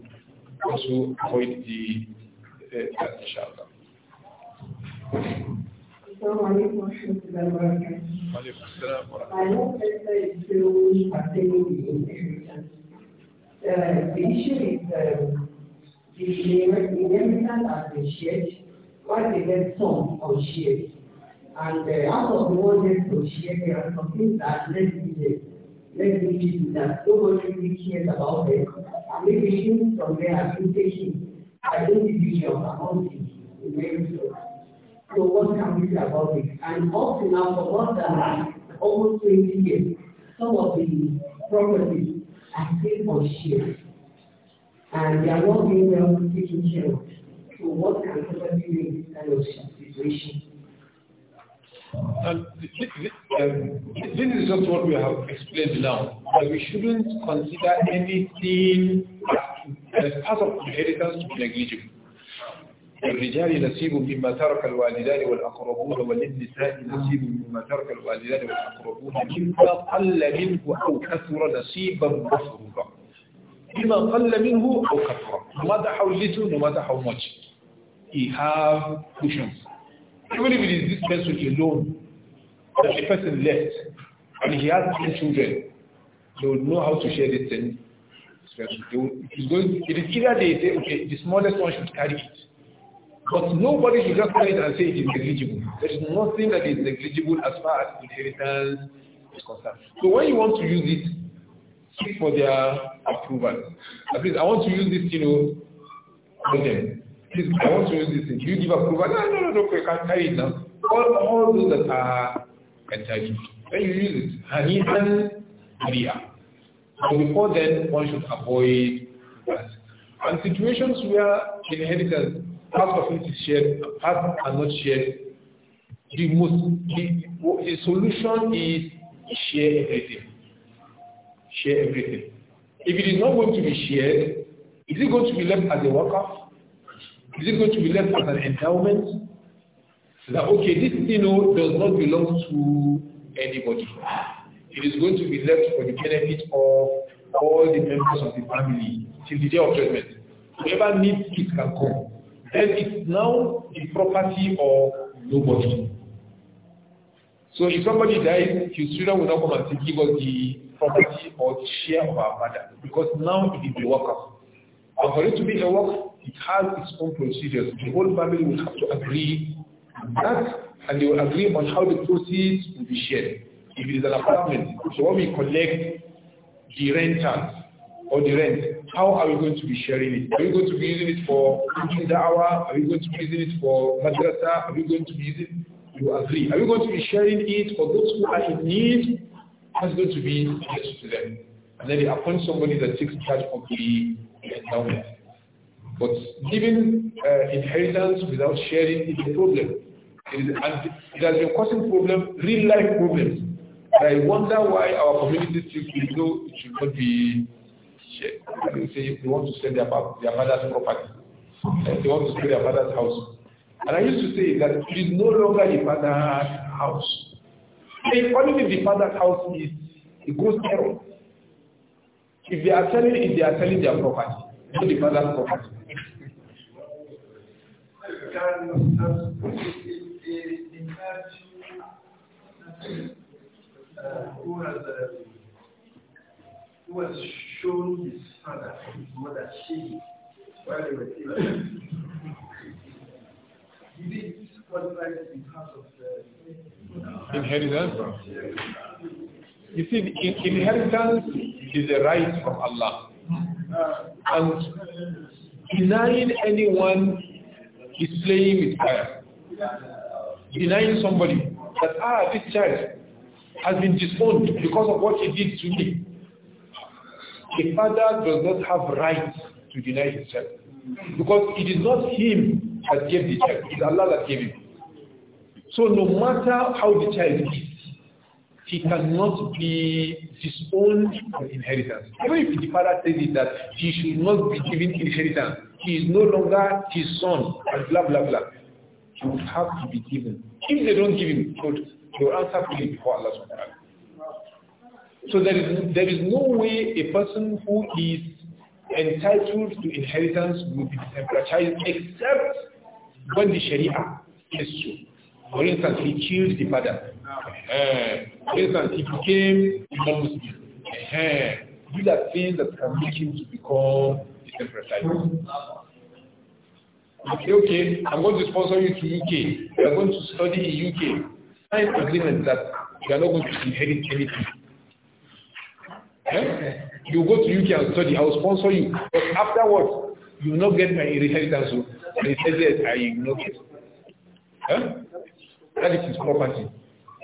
also avoid the uh, that the, issue is um, the inheritance has been what they some And uh, out of the one that there are some things that let me do. Let me do that. Nobody really cares about it. maybe things from there have been taken by individuals the individuals. So what can we do about it? And also now, for more than almost 20 years, some of the properties are still on shift and they are not being well taken care of. So what can somebody do in this kind of situation? And this, this, um, this is just what we have explained now. That we shouldn't consider anything as, as part of inheritance to be negligible. للرجال نصيب مما ترك الوالدان والأقربون وللنساء نصيب مما ترك الوالدان والأقربون مما قل منه أو كثر نصيبا مفروضا مما قل منه أو كثر no matter how little no matter much he have cushions even if it is this person alone that the person left and he has 10 children they will know how to share this thing it is going it is either they say okay the smallest one should carry it But nobody should just come and say it is negligible. There is nothing that is negligible as far as inheritance is concerned. So when you want to use it, seek for their approval. At least I want to use this, you know, for them. Please, I want to use this thing. Do you give approval? No, no, no, no, I can't carry it now. All, all those that are entitled, then you use it, even Maria. But before then, one should avoid that. And situations where inheritance Part of it is shared, part are not shared. The most the, the solution is share everything. Share everything. If it is not going to be shared, is it going to be left as a workoff? Is it going to be left as an endowment? That okay, this you know does not belong to anybody. It is going to be left for the benefit of all the members of the family till the day of judgment. Whoever needs it can come then it's now the property of nobody. So if somebody dies, his children will not come and say, give us the property or the share of our father, because now it is the worker. And for it to be a work, it has its own procedures. The whole family will have to agree on that, and they will agree on how the proceeds will be shared. If it is an apartment, so when we collect the renters or the rent, how are we going to be sharing it? Are we going to be using it for hour? Are we going to be using it for madrasa? Are we going to be using it? You agree. Are we going to be sharing it for those who are in need? That's going to be yes to them. And then they appoint somebody that takes charge of the endowment. But giving uh, inheritance without sharing is a problem. It, is, and it has been causing problems, real life problems. I wonder why our community still feel though it should not be they say they want to sell their, their mother's property. And they want to sell their father's house. And I used to say that it is no longer the father's house. If only if the father's house is, it goes error. If they are selling, if they are selling their property, not the father's property. who has uh, who has shown his father and his mother shaving while they were Did of the uh, inheritance? You see, inheritance is a right from Allah. And denying anyone is playing with fire. Denying somebody that, ah, this child has been disowned because of what he did to me a father does not have right to deny his child. Because it is not him that gave the child, it is Allah that gave him. So no matter how the child is, he cannot be disowned from inheritance. Even if the father says it, that he should not be given inheritance, he is no longer his son, and blah, blah, blah. He would have to be given. If they don't give him, he will answer fully before Allah subhanahu so there is, there is no way a person who is entitled to inheritance will be disenfranchised except when the Sharia is true. For instance, he killed the father. Uh, for instance, he became a muslim Uh, eh, these are things that can make him to become disenfranchised. Okay, okay, I'm going to sponsor you to UK. You are going to study in UK. Sign agreement that you are not going to inherit anything Eh? You go to UK and study, I will sponsor you. But afterwards, you will not get my inheritance. So oh. they said yes, I will not Eh? That is his property.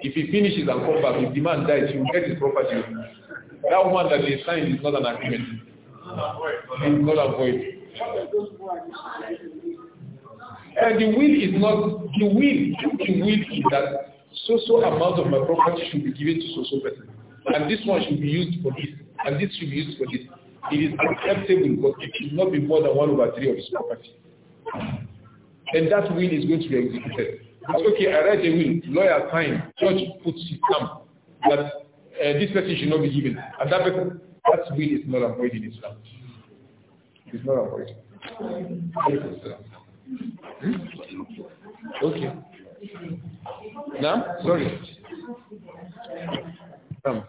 If he finishes and comes back, if the man dies, he will get his property. Oh. That one that they signed is not an agreement. It's not a void. And eh, the will is not the will. The will is that so so amount of my property should be given to so so person and this one should be used for this, and this should be used for this. It is acceptable, because it should not be more than one over three of his property. And that will is going to be executed. okay, I write a will, lawyer sign, judge puts his stamp that uh, this person should not be given. And that person, that will is not avoided in Islam. It's not avoided. Okay. Now, sorry. Vamos.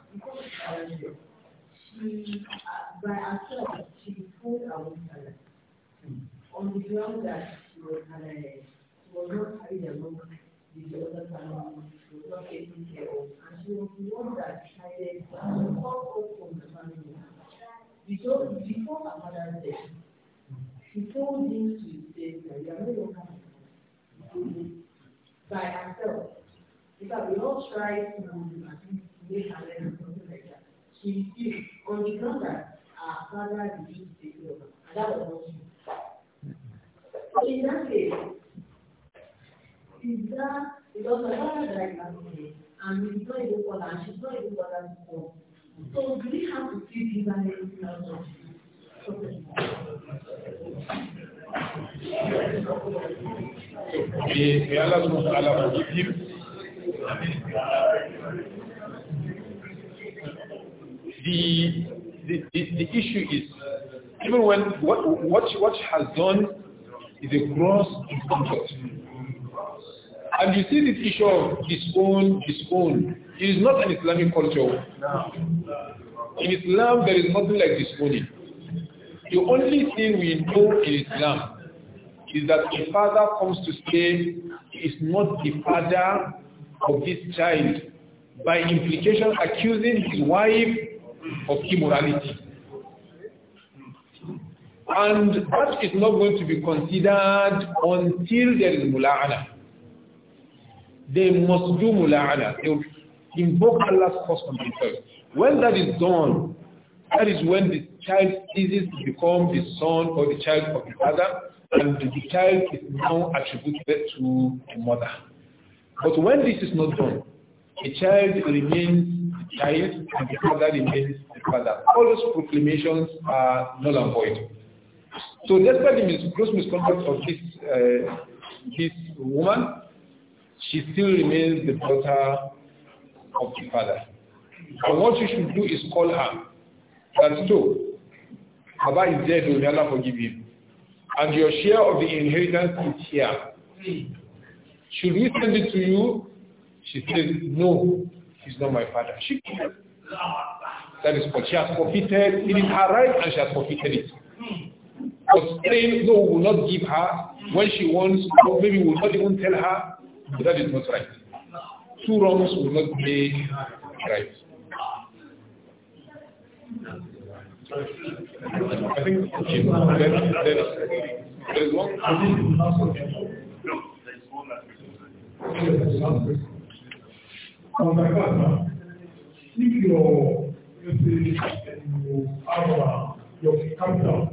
is comfort. And you see this issue of disown, disown. It is not an Islamic culture. In Islam, there is nothing like disowning. The only thing we know in Islam is that a father comes to say is not the father of this child, by implication accusing his wife of immorality. And that is not going to be considered until there is mula'ana. They must do mula'ana. They invoke Allah's custom on When that is done, that is when the child ceases to become the son or the child of the father, and the child is now attributed to the mother. But when this is not done, the child remains the child and the father remains the father. All those proclamations are null and void. So despite the mis gross misconduct of this, uh, this woman, she still remains the daughter of the father. And what you should do is call her. That's so. Baba is dead, may Allah forgive him. And your share of the inheritance is here. Should we send it to you? She says, no, he's not my father. She that is what she has forfeited. It is her right and she has forfeited it. But saying, no, we will not give her when she wants, or maybe we will not even tell her, but that is not right. Two wrongs will not be right. I think okay, then, then, there is one. Oh my God! If your if you have your capital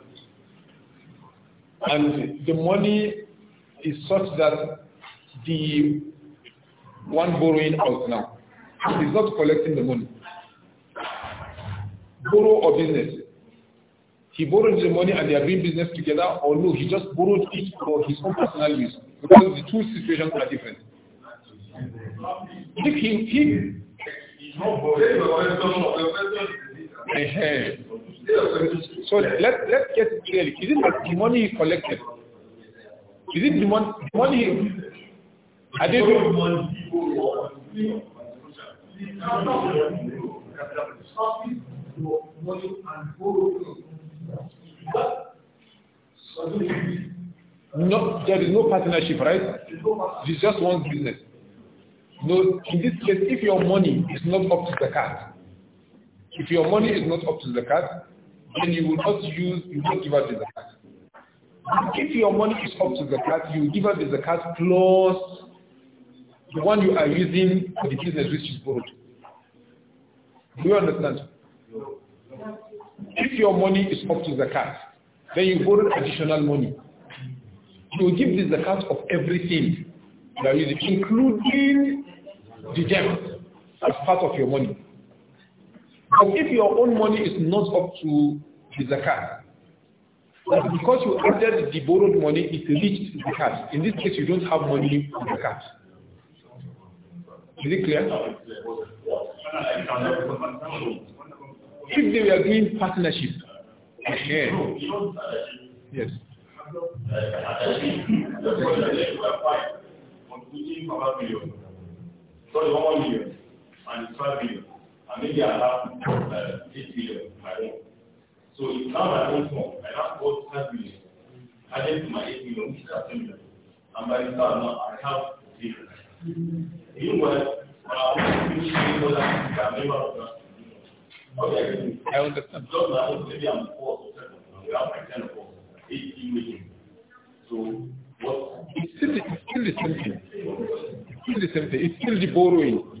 and the money is such that the one borrowing out now is not collecting the money. Borrow or business. He borrowed the money and they are doing business together or no, he just borrowed it for his own personal use because the two situations are different. If he, he, so let, let's get it clearly. Is it the money he collected? Is it the money, the money I did No, there is no partnership, right? It's just one business. No, in this case, if your money is not up to the card, if your money is not up to the card, then you will not use, you will not give out the card. if your money is up to the card, you give out the card plus the one you are using for the business which is borrowed. Do you understand? If your money is up to the card, then you borrow additional money. You give the card of everything that is including the gem as part of your money. But if your own money is not up to the zakat, but because you added the borrowed money, it reached the card. In this case, you don't have money in the card. Is it clear? If they were doing partnership, yeah. yes. So and maybe I have uh, 8 million my own. So if now my own phone, I now got 5 million, added to my 8 million, which is 10 million. And by the time now I have 0. You know what? When I want to finish the I'm never of that. Okay, I understand. my own, maybe I'm 4 or 7, and we have my 10 or So what? It's still, it's still the same thing. It's still the same thing. It's still the borrowing.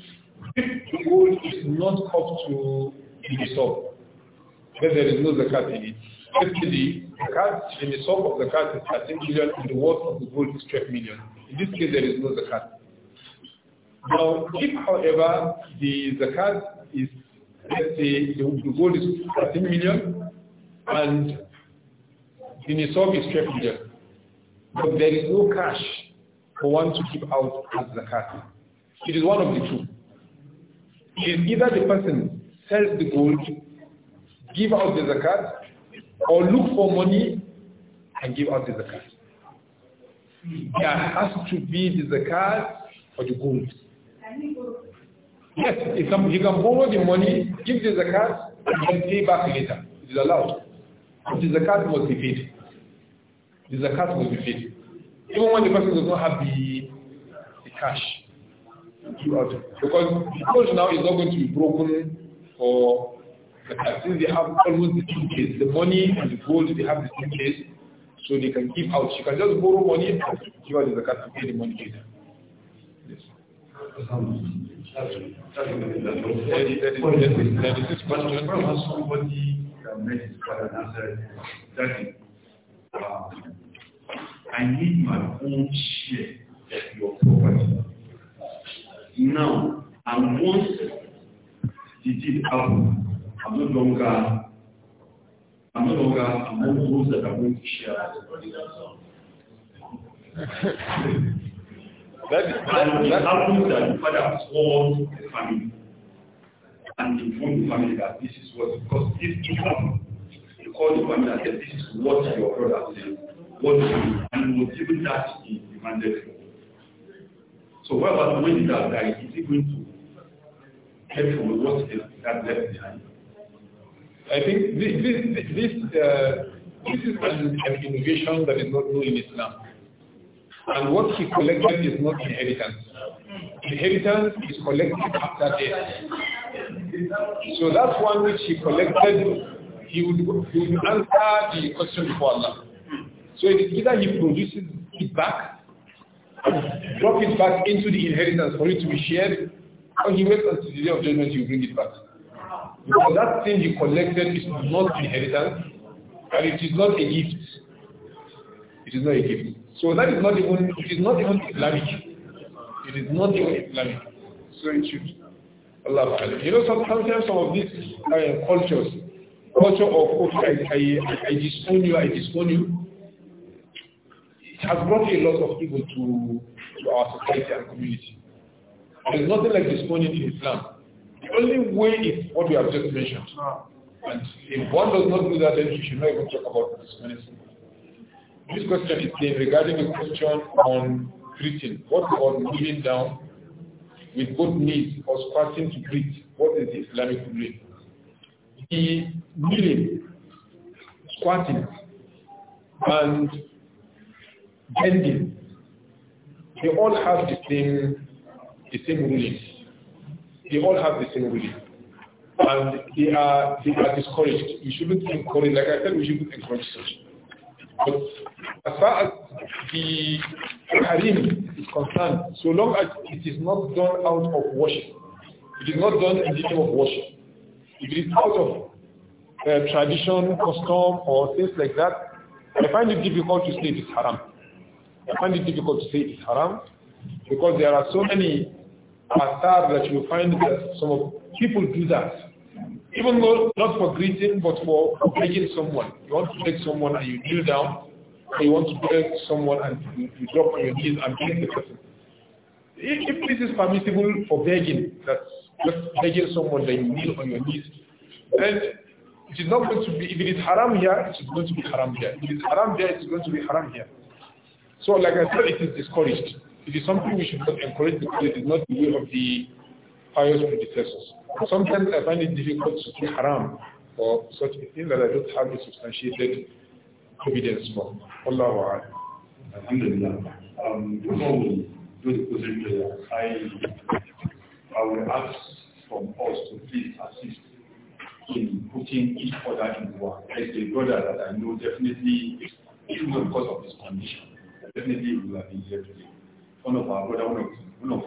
the wood is not up to the nisab. Then there is no zakat in it. Firstly, the cat in the nisab of the cat is 13 million and the worth of the gold is 12 million. In this case, there is no zakat. Now, if, however, the zakat is, let's say, the, the gold is 13 million and the nisab is 12 million, but there is no cash for one to keep out as zakat. It is one of the two is either the person sells the gold, give out the zakat, or look for money and give out the zakat. There has to be the zakat or the gold. Yes, you can, can borrow the money, give the zakat, and then pay back later. It is allowed. But the zakat must be paid. The zakat must be paid. Even when the person does not have the, the cash throughout. Because the coach now is not going to be broken for the uh, Since they have almost the same the money and the gold, they have the same so they can keep out. She can just borrow money and give her the zakat and pay the money later. Yes. Um, that is, that is this question. Somebody met his that and said, Daddy, I need my own share of your property now and once it did happen, I'm no longer I'm no longer among those that are going to share that is and it happens that the father called the family and informed the family that this is what because this it happened. He called the family and said, This is what your brother said, what do you and was even that he demanded so what about when it has Is he going to help with what is left behind? I think this this this, uh, this is an, an, innovation that is not new in Islam. And what he collected is not inheritance. Inheritance is collected after death. So that's one which he collected. He would, he would answer the question for Allah. So either he produces it back drop it back into the inheritance for it to be shared, And he waits until the day of judgment, you bring it back. Because that thing you collected is not inheritance, and it is not a gift. It is not a gift. So that is not even, it is not even Islamic. It is not even Islamic. So it should, Allah You know, sometimes some of these uh, cultures, culture of, okay, I, I, I disown you, I disown you, has brought a lot of people to, to our society and community. There is nothing like morning in Islam. The only way is what we have just mentioned. And if one does not do that, then we should not even talk about disowning. This question is regarding the question on greeting. What about kneeling down with both knees or squatting to greet? What is the Islamic rule? The kneeling, squatting, and bending, they all have the same, the same ruling. They all have the same ruling. And they are, they are discouraged. We shouldn't encourage, like I said, we shouldn't encourage such. But as far as the harim is concerned, so long as it is not done out of worship, it is not done in the name of worship, if it is out of uh, tradition, custom, or things like that, I find it difficult to say it is haram. I find it difficult to say it's haram because there are so many asar that you find that some people do that. Even though not for greeting, but for begging someone. You want to beg someone and you kneel down, or you want to beg someone and you, you drop on your knees and beg the person. If, if this is permissible for begging, that's just begging someone that you kneel on your knees, then it is not going to be, if it is haram here, it is going to be haram here. If it is haram here, it is going to be haram here. So like I said, it is discouraged. It is something we should not encourage because it is not the way of the pious predecessors. Sometimes I find it difficult to say haram for such a thing that I don't have a substantiated evidence for. Allah Alhamdulillah. Um, before we do the closing prayer, I, I will ask from us to please assist in putting each other in work. As a brother that I know definitely, even because of his condition, definitely we will have been here today. One of our brother, one of one of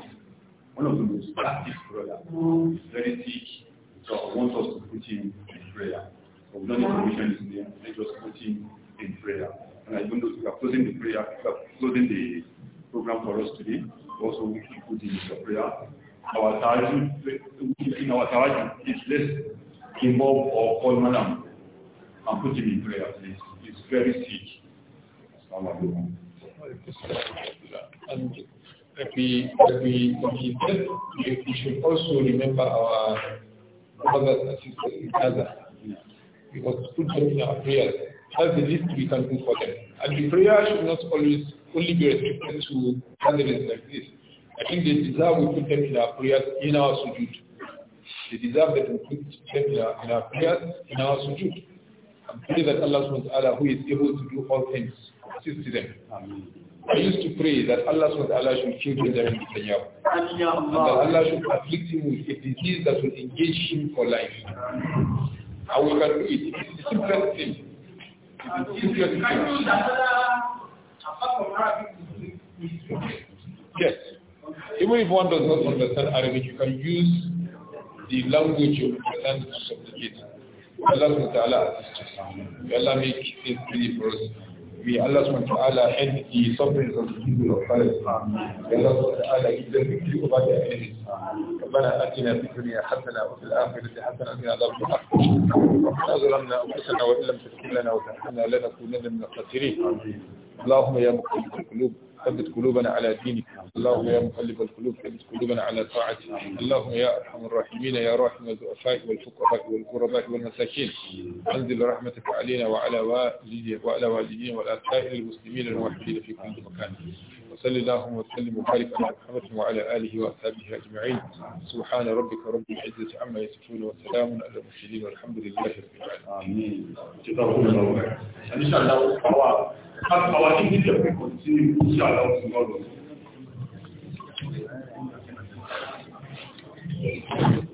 one of the most active brother, is very sick, so I want us to put him in prayer. So we don't need to mention his Let us put him in prayer. And I don't know if we are closing the prayer, we are closing the program for us today. Also, we can put in the prayer. Our tarajun, in our tarajun, it's less involve or call madam and put him in prayer, please. He's very sick. Assalamu alaikum. And that we, that we, we, did, we should also remember our brothers and sisters in Gaza. We must put them in our prayers. That's the least we can do for them. And the prayer should not always only be restricted to gatherings like this. I think they deserve we put them in our prayers, in our sujood. They deserve that we put them in our, in our prayers, in our sujood. And pray that Allah subhanahu who is able to do all things, them. I used to pray that Allah SWT should kill Benjamin Netanyahu. And that Allah should afflict him with a disease that will engage him for life. And we can do it. It's the simplest thing. Yes. Even if one does not understand Arabic, you can use the language you land to supplicate. Allah SWT assists us. Allah make it easy for us. May Allah subhanahu wa ta'ala end the sufferings of the people of Palestine. May Allah subhanahu wa ta'ala give them victory over their enemies. ربنا آتنا في الدنيا حسنة وفي الآخرة حسنة وقنا عذاب النار. ربنا ظلمنا أنفسنا وإن لم تغفر لنا وترحمنا لنكونن من الخاسرين. اللهم يا مقلب القلوب ثبت قلوبنا على دينك اللهم يا مقلب القلوب ثبت قلوبنا على طاعتك اللهم يا أرحم الراحمين يا راحم الضعفاء والفقراء والغرباء والمساكين أنزل رحمتك علينا وعلى والدينا وعلى والدينا وعلى سائر المسلمين الموحدين في كل مكان وصلى الله وسلم وبارك على محمد وعلى آله وأصحابه أجمعين سبحان ربك رب العزة عما يصفون وسلام على المرسلين والحمد لله رب العالمين آمين إن شاء الله قواعد قد قواعد continue to shout out to God. Thank you.